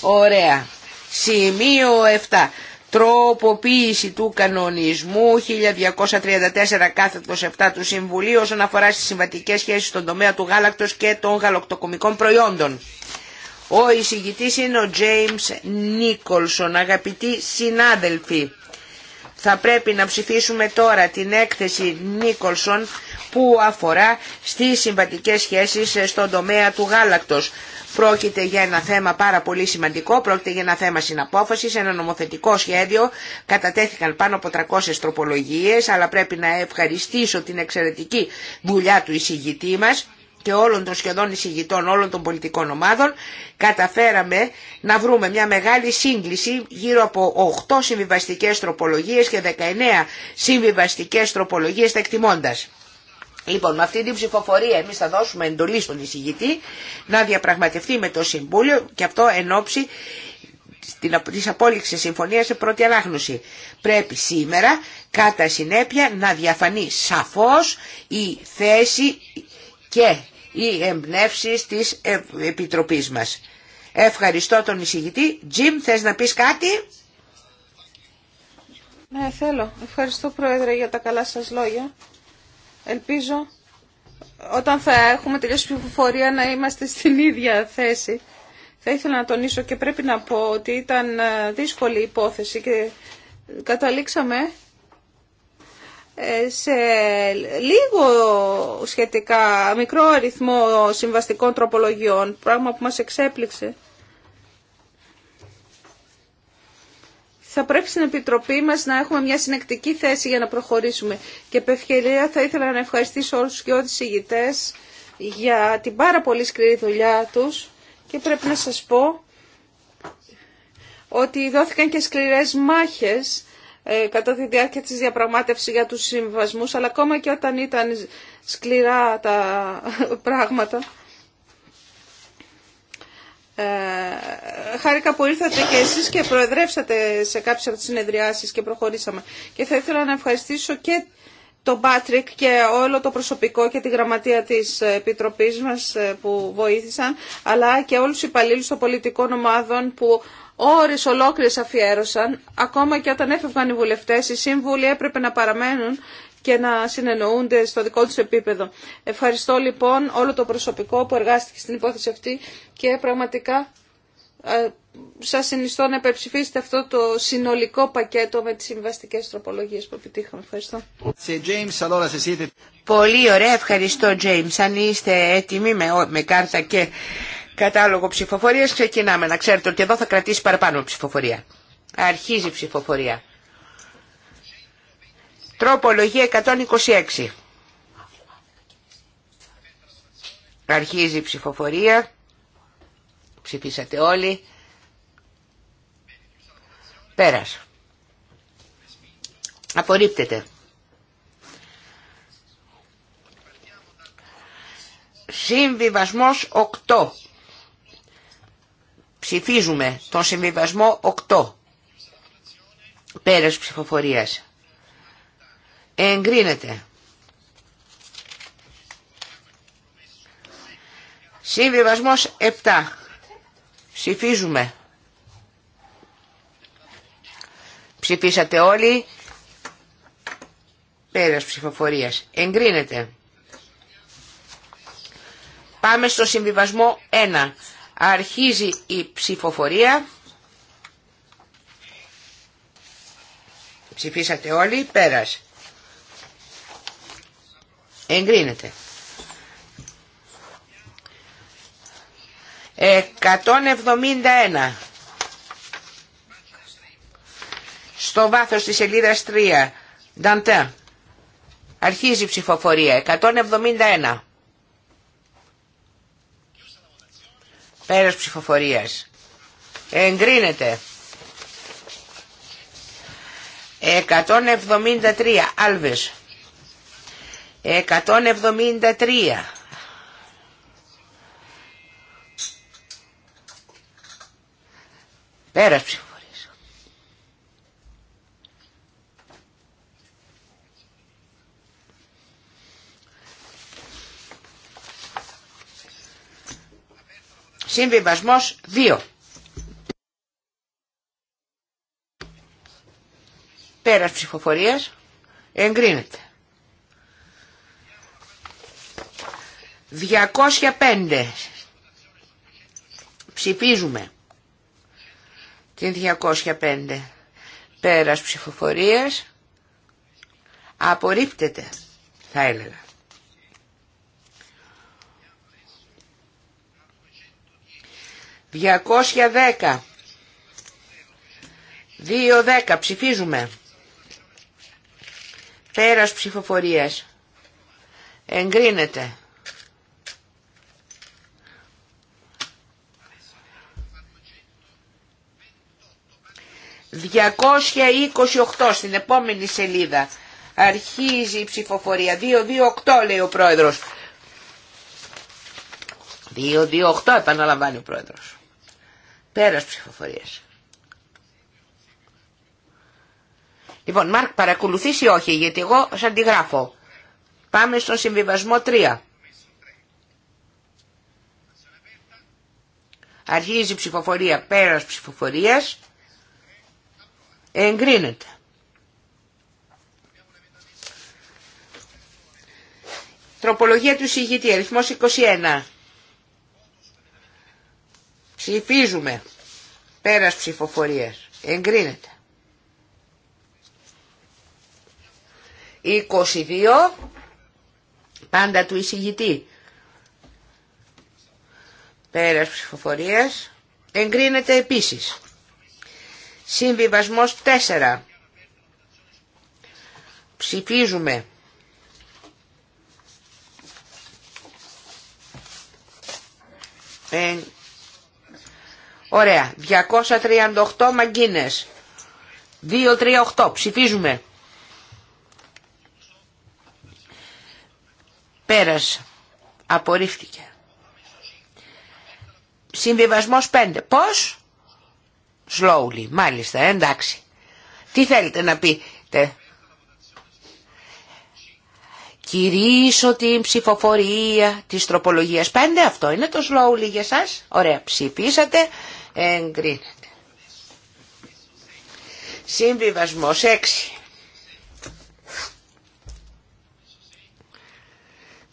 Ωραία. Σημείο 7. Τροποποίηση του κανονισμού 1234 κάθετος 7 του Συμβουλίου όσον αφορά στις συμβατικές σχέσεις στον τομέα του γάλακτος και των γαλακτοκομικών προϊόντων. Ο εισηγητής είναι ο James Νίκολσον, αγαπητοί συνάδελφοι. Θα πρέπει να ψηφίσουμε τώρα την έκθεση Νίκολσον που αφορά στις συμβατικές σχέσεις στον τομέα του γάλακτος. Πρόκειται για ένα θέμα πάρα πολύ σημαντικό, πρόκειται για ένα θέμα συναπόφασης, ένα νομοθετικό σχέδιο. Κατατέθηκαν πάνω από 300 τροπολογίες, αλλά πρέπει να ευχαριστήσω την εξαιρετική δουλειά του εισηγητή μας και όλων των σχεδόν εισηγητών όλων των πολιτικών ομάδων καταφέραμε να βρούμε μια μεγάλη σύγκληση γύρω από 8 συμβιβαστικές τροπολογίες και 19 συμβιβαστικές τροπολογίες τα εκτιμώντας. Λοιπόν, με αυτή την ψηφοφορία εμείς θα δώσουμε εντολή στον εισηγητή να διαπραγματευτεί με το Συμβούλιο και αυτό εν ώψη της απόλυξης συμφωνίας σε πρώτη ανάγνωση. Πρέπει σήμερα κατά συνέπεια να διαφανεί σαφώς η θέση και οι εμπνεύσεις της Επιτροπής μας. Ευχαριστώ τον εισηγητή. Τζιμ, θες να πεις κάτι? Ναι, θέλω. Ευχαριστώ, Πρόεδρε, για τα καλά σας λόγια. Ελπίζω όταν θα έχουμε τελειώσει ψηφοφορία να είμαστε στην ίδια θέση. Θα ήθελα να τονίσω και πρέπει να πω ότι ήταν ε, δύσκολη υπόθεση και καταλήξαμε ε, σε λίγο σχετικά μικρό αριθμό συμβαστικών τροπολογιών, πράγμα που μας εξέπληξε. Θα πρέπει στην Επιτροπή μας να έχουμε μια συνεκτική θέση για να προχωρήσουμε. Και επευκαιρία θα ήθελα να ευχαριστήσω όλους και όλους τους για την πάρα πολύ σκληρή δουλειά τους και πρέπει να σας πω ότι δόθηκαν και σκληρές μάχες ε, κατά τη διάρκεια της διαπραγμάτευσης για τους συμβασμούς, αλλά ακόμα και όταν ήταν σκληρά τα πράγματα. Ε, χάρηκα που ήρθατε και εσείς και προεδρεύσατε σε κάποιες από τις συνεδριάσεις και προχωρήσαμε. Και θα ήθελα να ευχαριστήσω και τον Πάτρικ και όλο το προσωπικό και τη γραμματεία της Επιτροπής μας ε, που βοήθησαν, αλλά και όλους τους υπαλλήλους των πολιτικών ομάδων που ώρες ολόκληρε αφιέρωσαν, ακόμα και όταν έφευγαν οι βουλευτέ, οι σύμβουλοι έπρεπε να παραμένουν και να συνεννοούνται στο δικό του επίπεδο. Ευχαριστώ λοιπόν όλο το προσωπικό που εργάστηκε στην υπόθεση αυτή και πραγματικά ε, σα συνιστώ να υπερψηφίσετε αυτό το συνολικό πακέτο με τι συμβαστικέ τροπολογίε που επιτύχαμε. Ευχαριστώ. Πολύ ωραία, ευχαριστώ James. Αν είστε έτοιμοι με κάρτα και κατάλογο ψηφοφορίας ξεκινάμε. Να ξέρετε ότι εδώ θα κρατήσει παραπάνω ψηφοφορία. Αρχίζει η ψηφοφορία. Τροπολογία 126. Αρχίζει η ψηφοφορία. Ψηφίσατε όλοι. Πέρας. Απορρίπτεται. Συμβιβασμός 8. Ψηφίζουμε τον συμβιβασμό 8. Πέρας ψηφοφορίας. Εγκρίνεται. Συμβιβασμός 7. Ψηφίζουμε. Ψηφίσατε όλοι. Πέρας ψηφοφορίας. Εγκρίνεται. Πάμε στο συμβιβασμό 1. Αρχίζει η ψηφοφορία. Ψηφίσατε όλοι, πέρας. Εγκρίνεται. 171. Στο βάθος της σελίδας 3. Νταντέ. Αρχίζει η ψηφοφορία. 171. Πέρας ψηφοφορίας. Εγκρίνεται. 173. Άλβες. 173. Πέρας ψηφοφορίας. Συμβιβασμός 2. Πέρας ψηφοφορίας εγκρίνεται. 205. Ψηφίζουμε την 205. Πέρας ψηφοφορίας απορρίπτεται θα έλεγα. 210. 210 ψηφίζουμε. Πέρας ψηφοφορίας. Εγκρίνεται. 228 στην επόμενη σελίδα. Αρχίζει η ψηφοφορία. 228 λέει ο πρόεδρος. 228 επαναλαμβάνει ο πρόεδρος. Πέρας ψηφοφορίας. Λοιπόν, Μάρκ, παρακολουθείς ή όχι, γιατί εγώ σας αντιγράφω. Πάμε στον συμβιβασμό 3. Αρχίζει η ψηφοφορία πέρας ψηφοφορίας. Εγκρίνεται. Τροπολογία του συγγητή, αριθμός 21. Ψηφίζουμε. Πέρας ψηφοφορίας. Εγκρίνεται. 22. Πάντα του εισηγητή. Πέρας ψηφοφορίας. Εγκρίνεται επίσης. Συμβιβασμός 4. Ψηφίζουμε. Ωραία. 238 2-3-8. Ψηφίζουμε. Ψηφίζουμε. περασε Απορρίφθηκε. Συμβιβασμός 5. Πώς? Slowly. Μάλιστα. Ε, εντάξει. Τι θέλετε να πείτε. Κυρίσω την ψηφοφορία της τροπολογίας 5. Αυτό είναι το slowly για σας. Ωραία. Ψηφίσατε εγκρίνεται. Συμβιβασμός 6.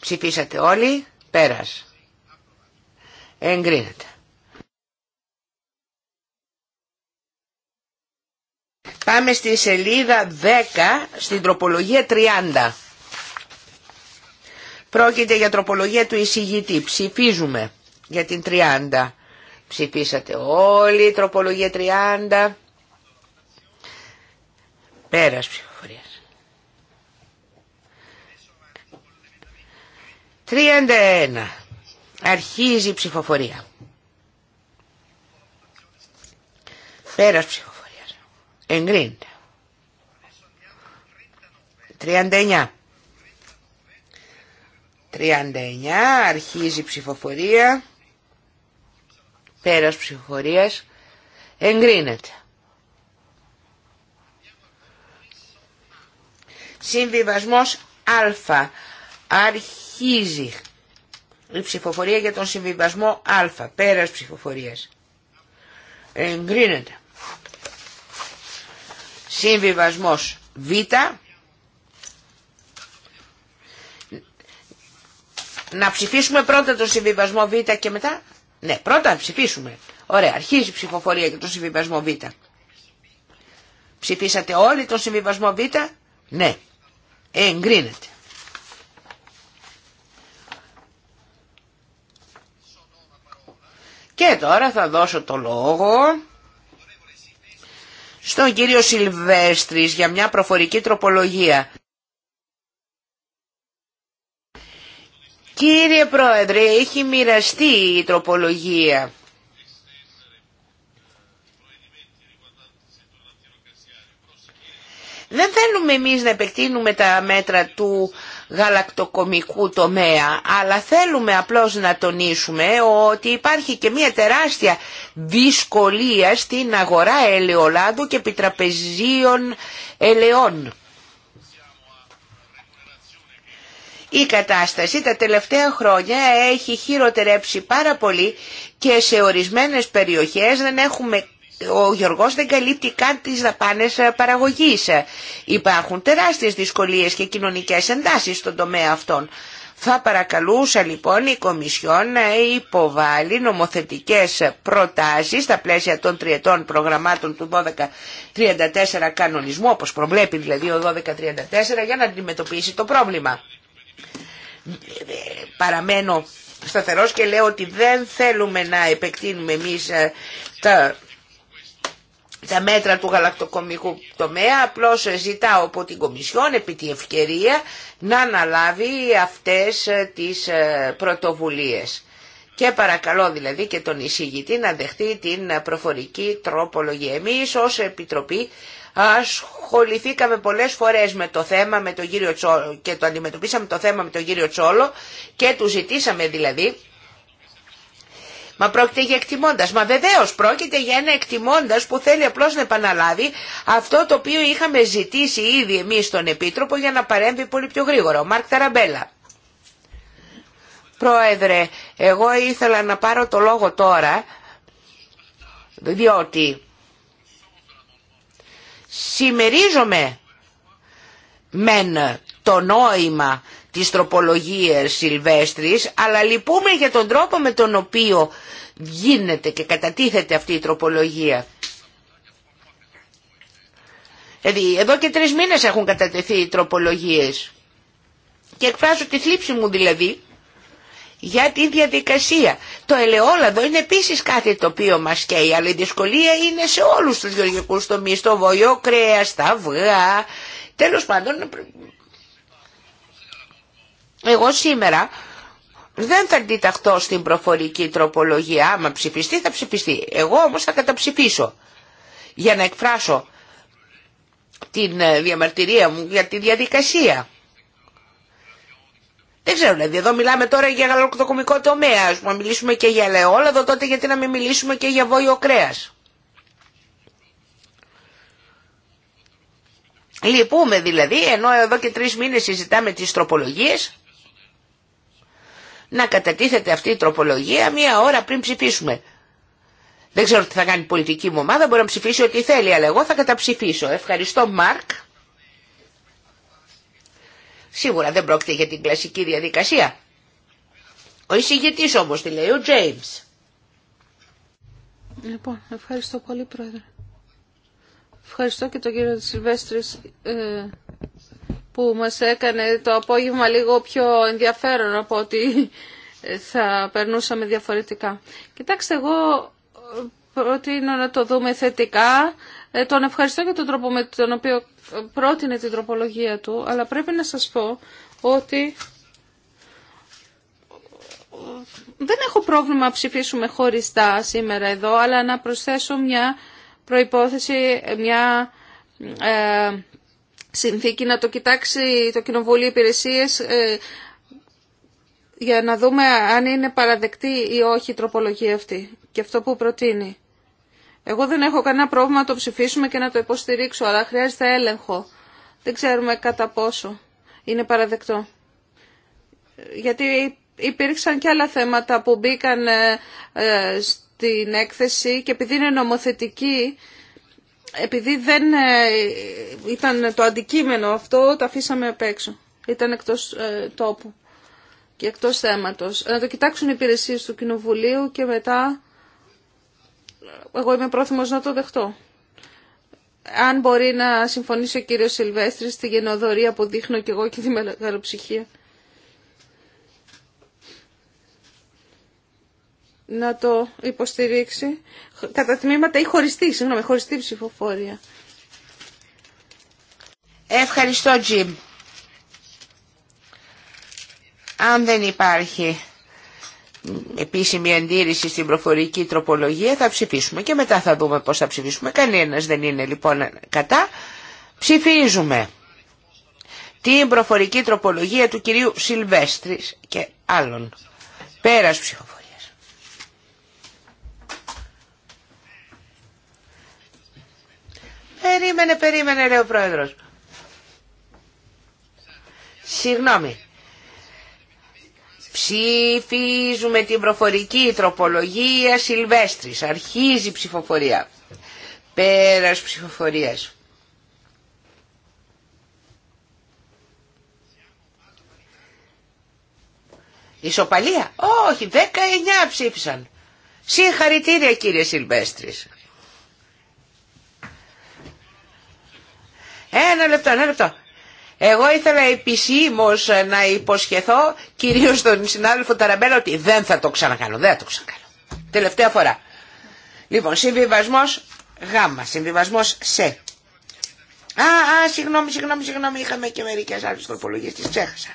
Ψηφίσατε όλοι, πέρας. Εγκρίνεται. Πάμε στη σελίδα 10, στην τροπολογία 30. Πρόκειται για τροπολογία του εισηγητή. Ψηφίζουμε για την 30. Ψηφίσατε όλοι, τροπολογία 30. Πέρας ψηφοφορίας. 31. Αρχίζει η ψηφοφορία. Πέρας ψηφοφορίας. Εγκρίνεται. 39. 39. Αρχίζει η ψηφοφορία. Πέρας ψηφοφορίας εγκρίνεται. Συμβιβασμός Α. Αρχίζει η ψηφοφορία για τον συμβιβασμό Α. Πέρας ψηφοφορίας. Εγκρίνεται. Συμβιβασμός Β. Να ψηφίσουμε πρώτα τον συμβιβασμό Β και μετά. Ναι, πρώτα ψηφίσουμε. Ωραία, αρχίζει η ψηφοφορία για τον συμβιβασμό Β. Ψηφίσατε όλοι τον συμβιβασμό Β. Ναι, ε, εγκρίνεται. Και τώρα θα δώσω το λόγο στον κύριο Σιλβέστρης για μια προφορική τροπολογία. Κύριε Πρόεδρε, έχει μοιραστεί η τροπολογία. Δεν θέλουμε εμείς να επεκτείνουμε τα μέτρα του γαλακτοκομικού τομέα, αλλά θέλουμε απλώς να τονίσουμε ότι υπάρχει και μια τεράστια δυσκολία στην αγορά ελαιολάδου και επιτραπεζίων ελαιών. Η κατάσταση τα τελευταία χρόνια έχει χειροτερέψει πάρα πολύ και σε ορισμένες περιοχές δεν έχουμε ο Γιωργός δεν καλύπτει καν τις δαπάνες ε, παραγωγής. Υπάρχουν τεράστιες δυσκολίες και κοινωνικές εντάσεις στον τομέα αυτών. Θα παρακαλούσα λοιπόν η Κομισιόν να υποβάλει νομοθετικές προτάσεις στα πλαίσια των τριετών προγραμμάτων του 1234 κανονισμού, όπως προβλέπει δηλαδή ο 1234, για να αντιμετωπίσει το πρόβλημα παραμένω σταθερός και λέω ότι δεν θέλουμε να επεκτείνουμε εμείς ε, τα, μέτρα του γαλακτοκομικού τομέα, απλώς ζητάω από την Κομισιόν επί τη ευκαιρία να αναλάβει αυτές ε, τις ε, πρωτοβουλίες. Και παρακαλώ δηλαδή και τον εισηγητή να δεχτεί την προφορική τροπολογία. Εμείς ως Επιτροπή Ασχοληθήκαμε πολλές φορές με το θέμα με τον κύριο Τσόλο και το αντιμετωπίσαμε το θέμα με τον κύριο Τσόλο και του ζητήσαμε δηλαδή Μα πρόκειται για εκτιμώντα. Μα βεβαίω πρόκειται για ένα εκτιμώντα που θέλει απλώ να επαναλάβει αυτό το οποίο είχαμε ζητήσει ήδη εμεί στον Επίτροπο για να παρέμβει πολύ πιο γρήγορα. Ο Μάρκ Ταραμπέλα. Πρόεδρε, εγώ ήθελα να πάρω το λόγο τώρα, διότι Σημερίζομαι μεν το νόημα της τροπολογίας Σιλβέστρης, αλλά λυπούμε για τον τρόπο με τον οποίο γίνεται και κατατίθεται αυτή η τροπολογία. Δηλαδή, εδώ και τρεις μήνες έχουν κατατεθεί οι τροπολογίες. Και εκφράζω τη θλίψη μου δηλαδή για τη διαδικασία. Το ελαιόλαδο είναι επίσης κάτι το οποίο μας καίει, αλλά η δυσκολία είναι σε όλους τους γεωργικούς τομείς, το βολιό κρέας, τα αυγά. Τέλος πάντων, εγώ σήμερα δεν θα αντιταχθώ στην προφορική τροπολογία. Άμα ψηφιστεί θα ψηφιστεί. Εγώ όμως θα καταψηφίσω για να εκφράσω την ε, διαμαρτυρία μου για τη διαδικασία. Δεν ξέρω, δηλαδή εδώ μιλάμε τώρα για γαλακτοκομικό τομέα, α μιλήσουμε και για ελαιόλαδο, τότε γιατί να μην μιλήσουμε και για βόλιο κρέα. Λυπούμε δηλαδή, ενώ εδώ και τρει μήνες συζητάμε τι τροπολογίες, να κατατίθεται αυτή η τροπολογία μία ώρα πριν ψηφίσουμε. Δεν ξέρω τι θα κάνει η πολιτική μου ομάδα, μπορεί να ψηφίσει ό,τι θέλει, αλλά εγώ θα καταψηφίσω. Ευχαριστώ Μάρκ. Σίγουρα δεν πρόκειται για την κλασική διαδικασία. Ο εισηγητή όμως τη λέει, ο Τζέιμ. Λοιπόν, ευχαριστώ πολύ πρόεδρε. Ευχαριστώ και τον κύριο Σιλβέστρη ε, που μας έκανε το απόγευμα λίγο πιο ενδιαφέρον από ότι ε, θα περνούσαμε διαφορετικά. Κοιτάξτε, εγώ ε, προτείνω να το δούμε θετικά. Ε, τον ευχαριστώ για τον τρόπο με τον οποίο πρότεινε την τροπολογία του, αλλά πρέπει να σας πω ότι δεν έχω πρόβλημα να ψηφίσουμε χωριστά σήμερα εδώ, αλλά να προσθέσω μια προϋπόθεση, μια ε, συνθήκη να το κοιτάξει το Κοινοβούλιο Υπηρεσίες ε, για να δούμε αν είναι παραδεκτή ή όχι η τροπολογία αυτή και αυτό που προτείνει. Εγώ δεν έχω κανένα πρόβλημα να το ψηφίσουμε και να το υποστηρίξω, αλλά χρειάζεται έλεγχο. Δεν ξέρουμε κατά πόσο είναι παραδεκτό. Γιατί υπήρξαν και άλλα θέματα που μπήκαν ε, ε, στην έκθεση και επειδή είναι νομοθετική, επειδή δεν ε, ήταν το αντικείμενο αυτό, το αφήσαμε απ' έξω. Ήταν εκτός τόπου και εκτός θέματος. Να το κοιτάξουν οι υπηρεσίες του Κοινοβουλίου και μετά εγώ είμαι πρόθυμος να το δεχτώ. Αν μπορεί να συμφωνήσει ο κύριος Σιλβέστρης στη γενοδορία που δείχνω και εγώ και τη μεγαλοψυχία. να το υποστηρίξει κατά τμήματα ή χωριστή, συγγνώμη, χωριστή ψηφοφόρια. Ευχαριστώ, Τζιμ. Αν δεν υπάρχει επίσημη αντίρρηση στην προφορική τροπολογία θα ψηφίσουμε και μετά θα δούμε πώς θα ψηφίσουμε. Κανένας δεν είναι λοιπόν κατά. Ψηφίζουμε την προφορική τροπολογία του κυρίου Σιλβέστρης και άλλων. Πέρας ψηφοφορίας. Περίμενε, περίμενε λέει ο πρόεδρος. Συγγνώμη. Ψηφίζουμε την προφορική τροπολογία Σιλβέστρης. Αρχίζει η ψηφοφορία. Πέρας ψηφοφορίας. Ισοπαλία. Όχι, 19 ψήφισαν. Συγχαρητήρια κύριε Σιλβέστρης. Ένα λεπτό, ένα λεπτό. Εγώ ήθελα επισήμω να υποσχεθώ κυρίω στον συνάδελφο Ταραμπέλα ότι δεν θα το ξανακάνω, δεν θα το ξανακάνω. Τελευταία φορά. Λοιπόν, συμβιβασμό γ, συμβιβασμό σε. Α, α, συγγνώμη, συγγνώμη, συγγνώμη, είχαμε και μερικέ άλλες τροπολογίες, Τι ξέχασα.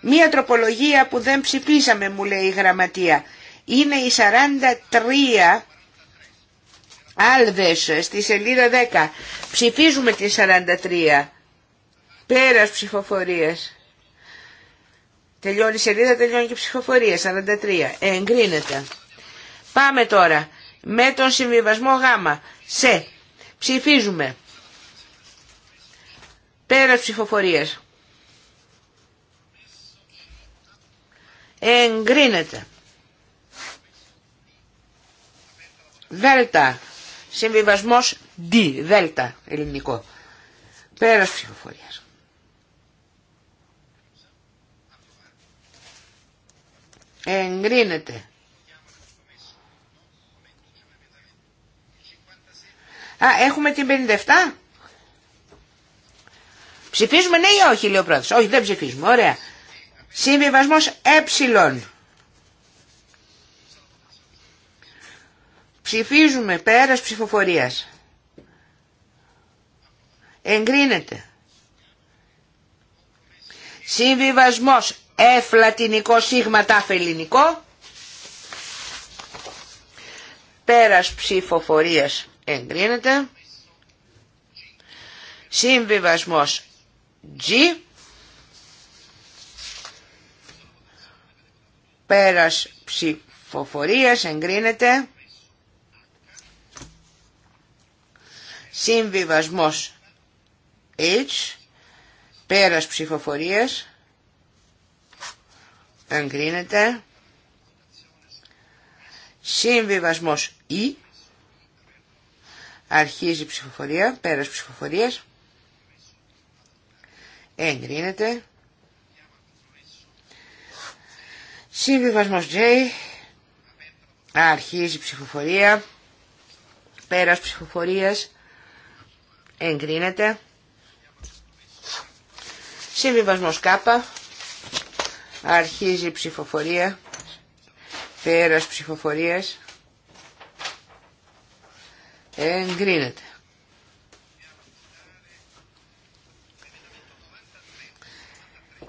Μία τροπολογία που δεν ψηφίσαμε, μου λέει η γραμματεία. Είναι η 43 Άλβες στη σελίδα 10. Ψηφίζουμε τη 43. Πέρας ψηφοφορίες. Τελειώνει η σελίδα, τελειώνει και η ψηφοφορία. 43. Ε, εγκρίνεται. Πάμε τώρα με τον συμβιβασμό Γ. Σε. Ψηφίζουμε. Πέρας ψηφοφορίας. Εγκρίνεται. Δέλτα. Συμβιβασμός Δ. Δέλτα. Ελληνικό. Πέρας ψηφοφορίας. Εγκρίνεται. Α, έχουμε την 57. Ψηφίζουμε ναι ή όχι, λέει ο πρόεδρος. Όχι, δεν ψηφίζουμε. Ωραία. Συμβιβασμός ε. Ψηφίζουμε πέρας ψηφοφορίας. Εγκρίνεται. Συμβιβασμός F λατινικό σίγμα τάφ ελληνικό. Πέρας ψηφοφορίας εγκρίνεται. Συμβιβασμός G. Πέρας ψηφοφορίας εγκρίνεται. Συμβιβασμός H. Πέρας ψηφοφορίας εγκρίνεται. Συμβιβασμός Ι. Αρχίζει ψηφοφορία, πέρας ψηφοφορίας. Εγκρίνεται. Συμβιβασμός J. Αρχίζει ψηφοφορία. Πέρας ψηφοφορίας. Εγκρίνεται. Συμβιβασμός K. Αρχίζει η ψηφοφορία. Πέρας ψηφοφορίας. Εγκρίνεται.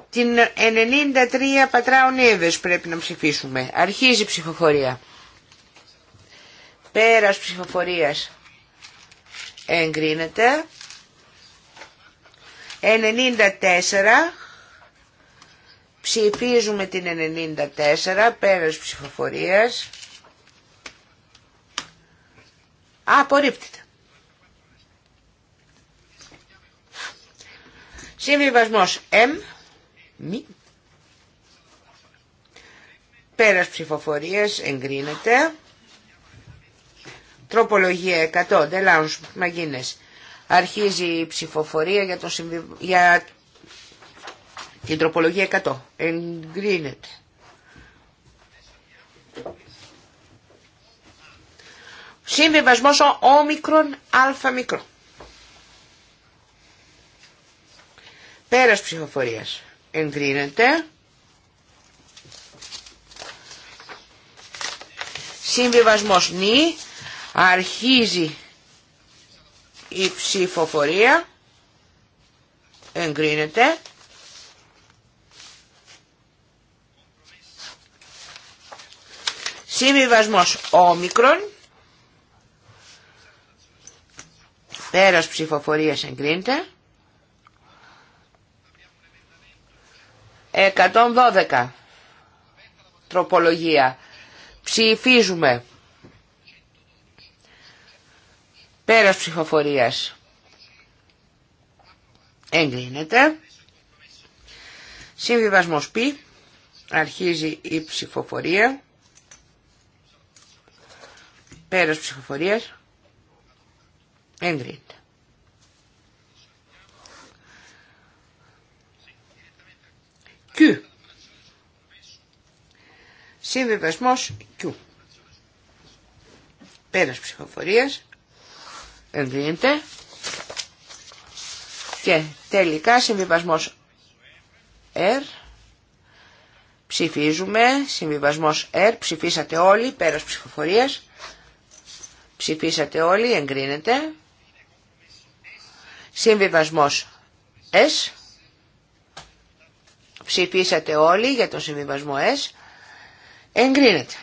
Την 93 Πατράων Εύες πρέπει να ψηφίσουμε. Αρχίζει η ψηφοφορία. Πέρας ψηφοφορίας. Εγκρίνεται. 94 Ψηφίζουμε την 94, πέρας ψηφοφορίας. Απορρίπτεται. Συμβιβασμός M, μη, πέρας ψηφοφορίας εγκρίνεται. Τροπολογία 100, Ντελάνους μαγινές Αρχίζει η ψηφοφορία για, το συμβι... για την τροπολογία 100. Εγκρίνεται. Συμβιβασμός όμικρον αλφα μικρό. Πέρας ψηφοφορίας. Εγκρίνεται. Συμβιβασμό νη. Αρχίζει η ψηφοφορία. Εγκρίνεται. Συμβιβασμός όμικρον. Πέρας ψηφοφορίας εγκρίνεται. 112 τροπολογία. Ψηφίζουμε. Πέρας ψηφοφορίας. Εγκρίνεται. Συμβιβασμός π. Αρχίζει η ψηφοφορία. Πέρας ψηφοφορίας. Εγκρίνεται. Q. Συμβιβασμός Q. Πέρας ψηφοφορίας. Εγκρίνεται. Και τελικά συμβιβασμός R. Ψηφίζουμε. Συμβιβασμός R. Ψηφίσατε όλοι. Πέρας ψηφοφορίας. Ψηφίσατε όλοι, εγκρίνεται. Συμβιβασμός S. Ψηφίσατε όλοι για τον συμβιβασμό S. Εγκρίνεται.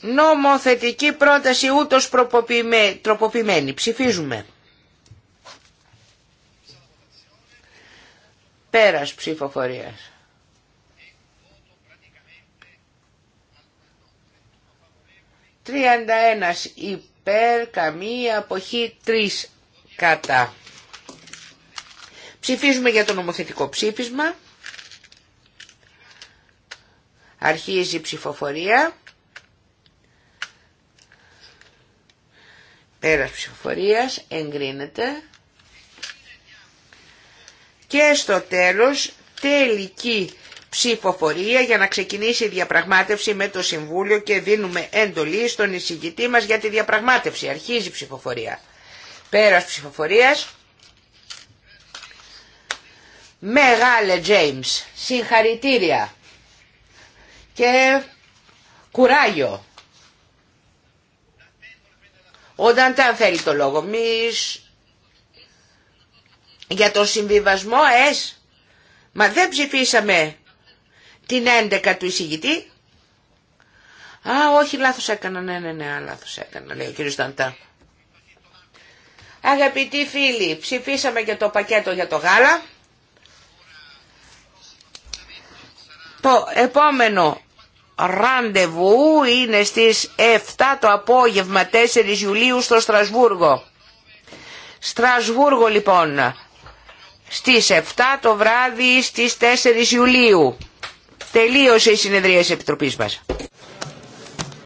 Νομοθετική πρόταση ούτως τροποποιημένη. Ψηφίζουμε. Πέρας ψηφοφορίας. 31 υπέρ, καμία αποχή, 3 κατά. Ψηφίζουμε για το νομοθετικό ψήφισμα. Αρχίζει η ψηφοφορία. Πέρας ψηφοφορίας εγκρίνεται. Και στο τέλος τελική ψηφοφορία για να ξεκινήσει η διαπραγμάτευση με το Συμβούλιο και δίνουμε εντολή στον εισηγητή μας για τη διαπραγμάτευση. Αρχίζει η ψηφοφορία. Πέρας ψηφοφορίας. Μεγάλε James, συγχαρητήρια και κουράγιο. Όταν τα θέλει το λόγο, μης... για τον συμβιβασμό εσ. Μα δεν ψηφίσαμε την 11 του εισηγητή. Α, όχι, λάθος έκανα, ναι, ναι, ναι, λάθος έκανα, λέει ο κύριος Σταντά. Αγαπητοί φίλοι, ψηφίσαμε και το πακέτο για το γάλα. Το επόμενο ραντεβού είναι στις 7 το απόγευμα 4 Ιουλίου στο Στρασβούργο. Στρασβούργο λοιπόν, στις 7 το βράδυ στις 4 Ιουλίου. Τελείωσε η συνεδρία της Επιτροπής μας.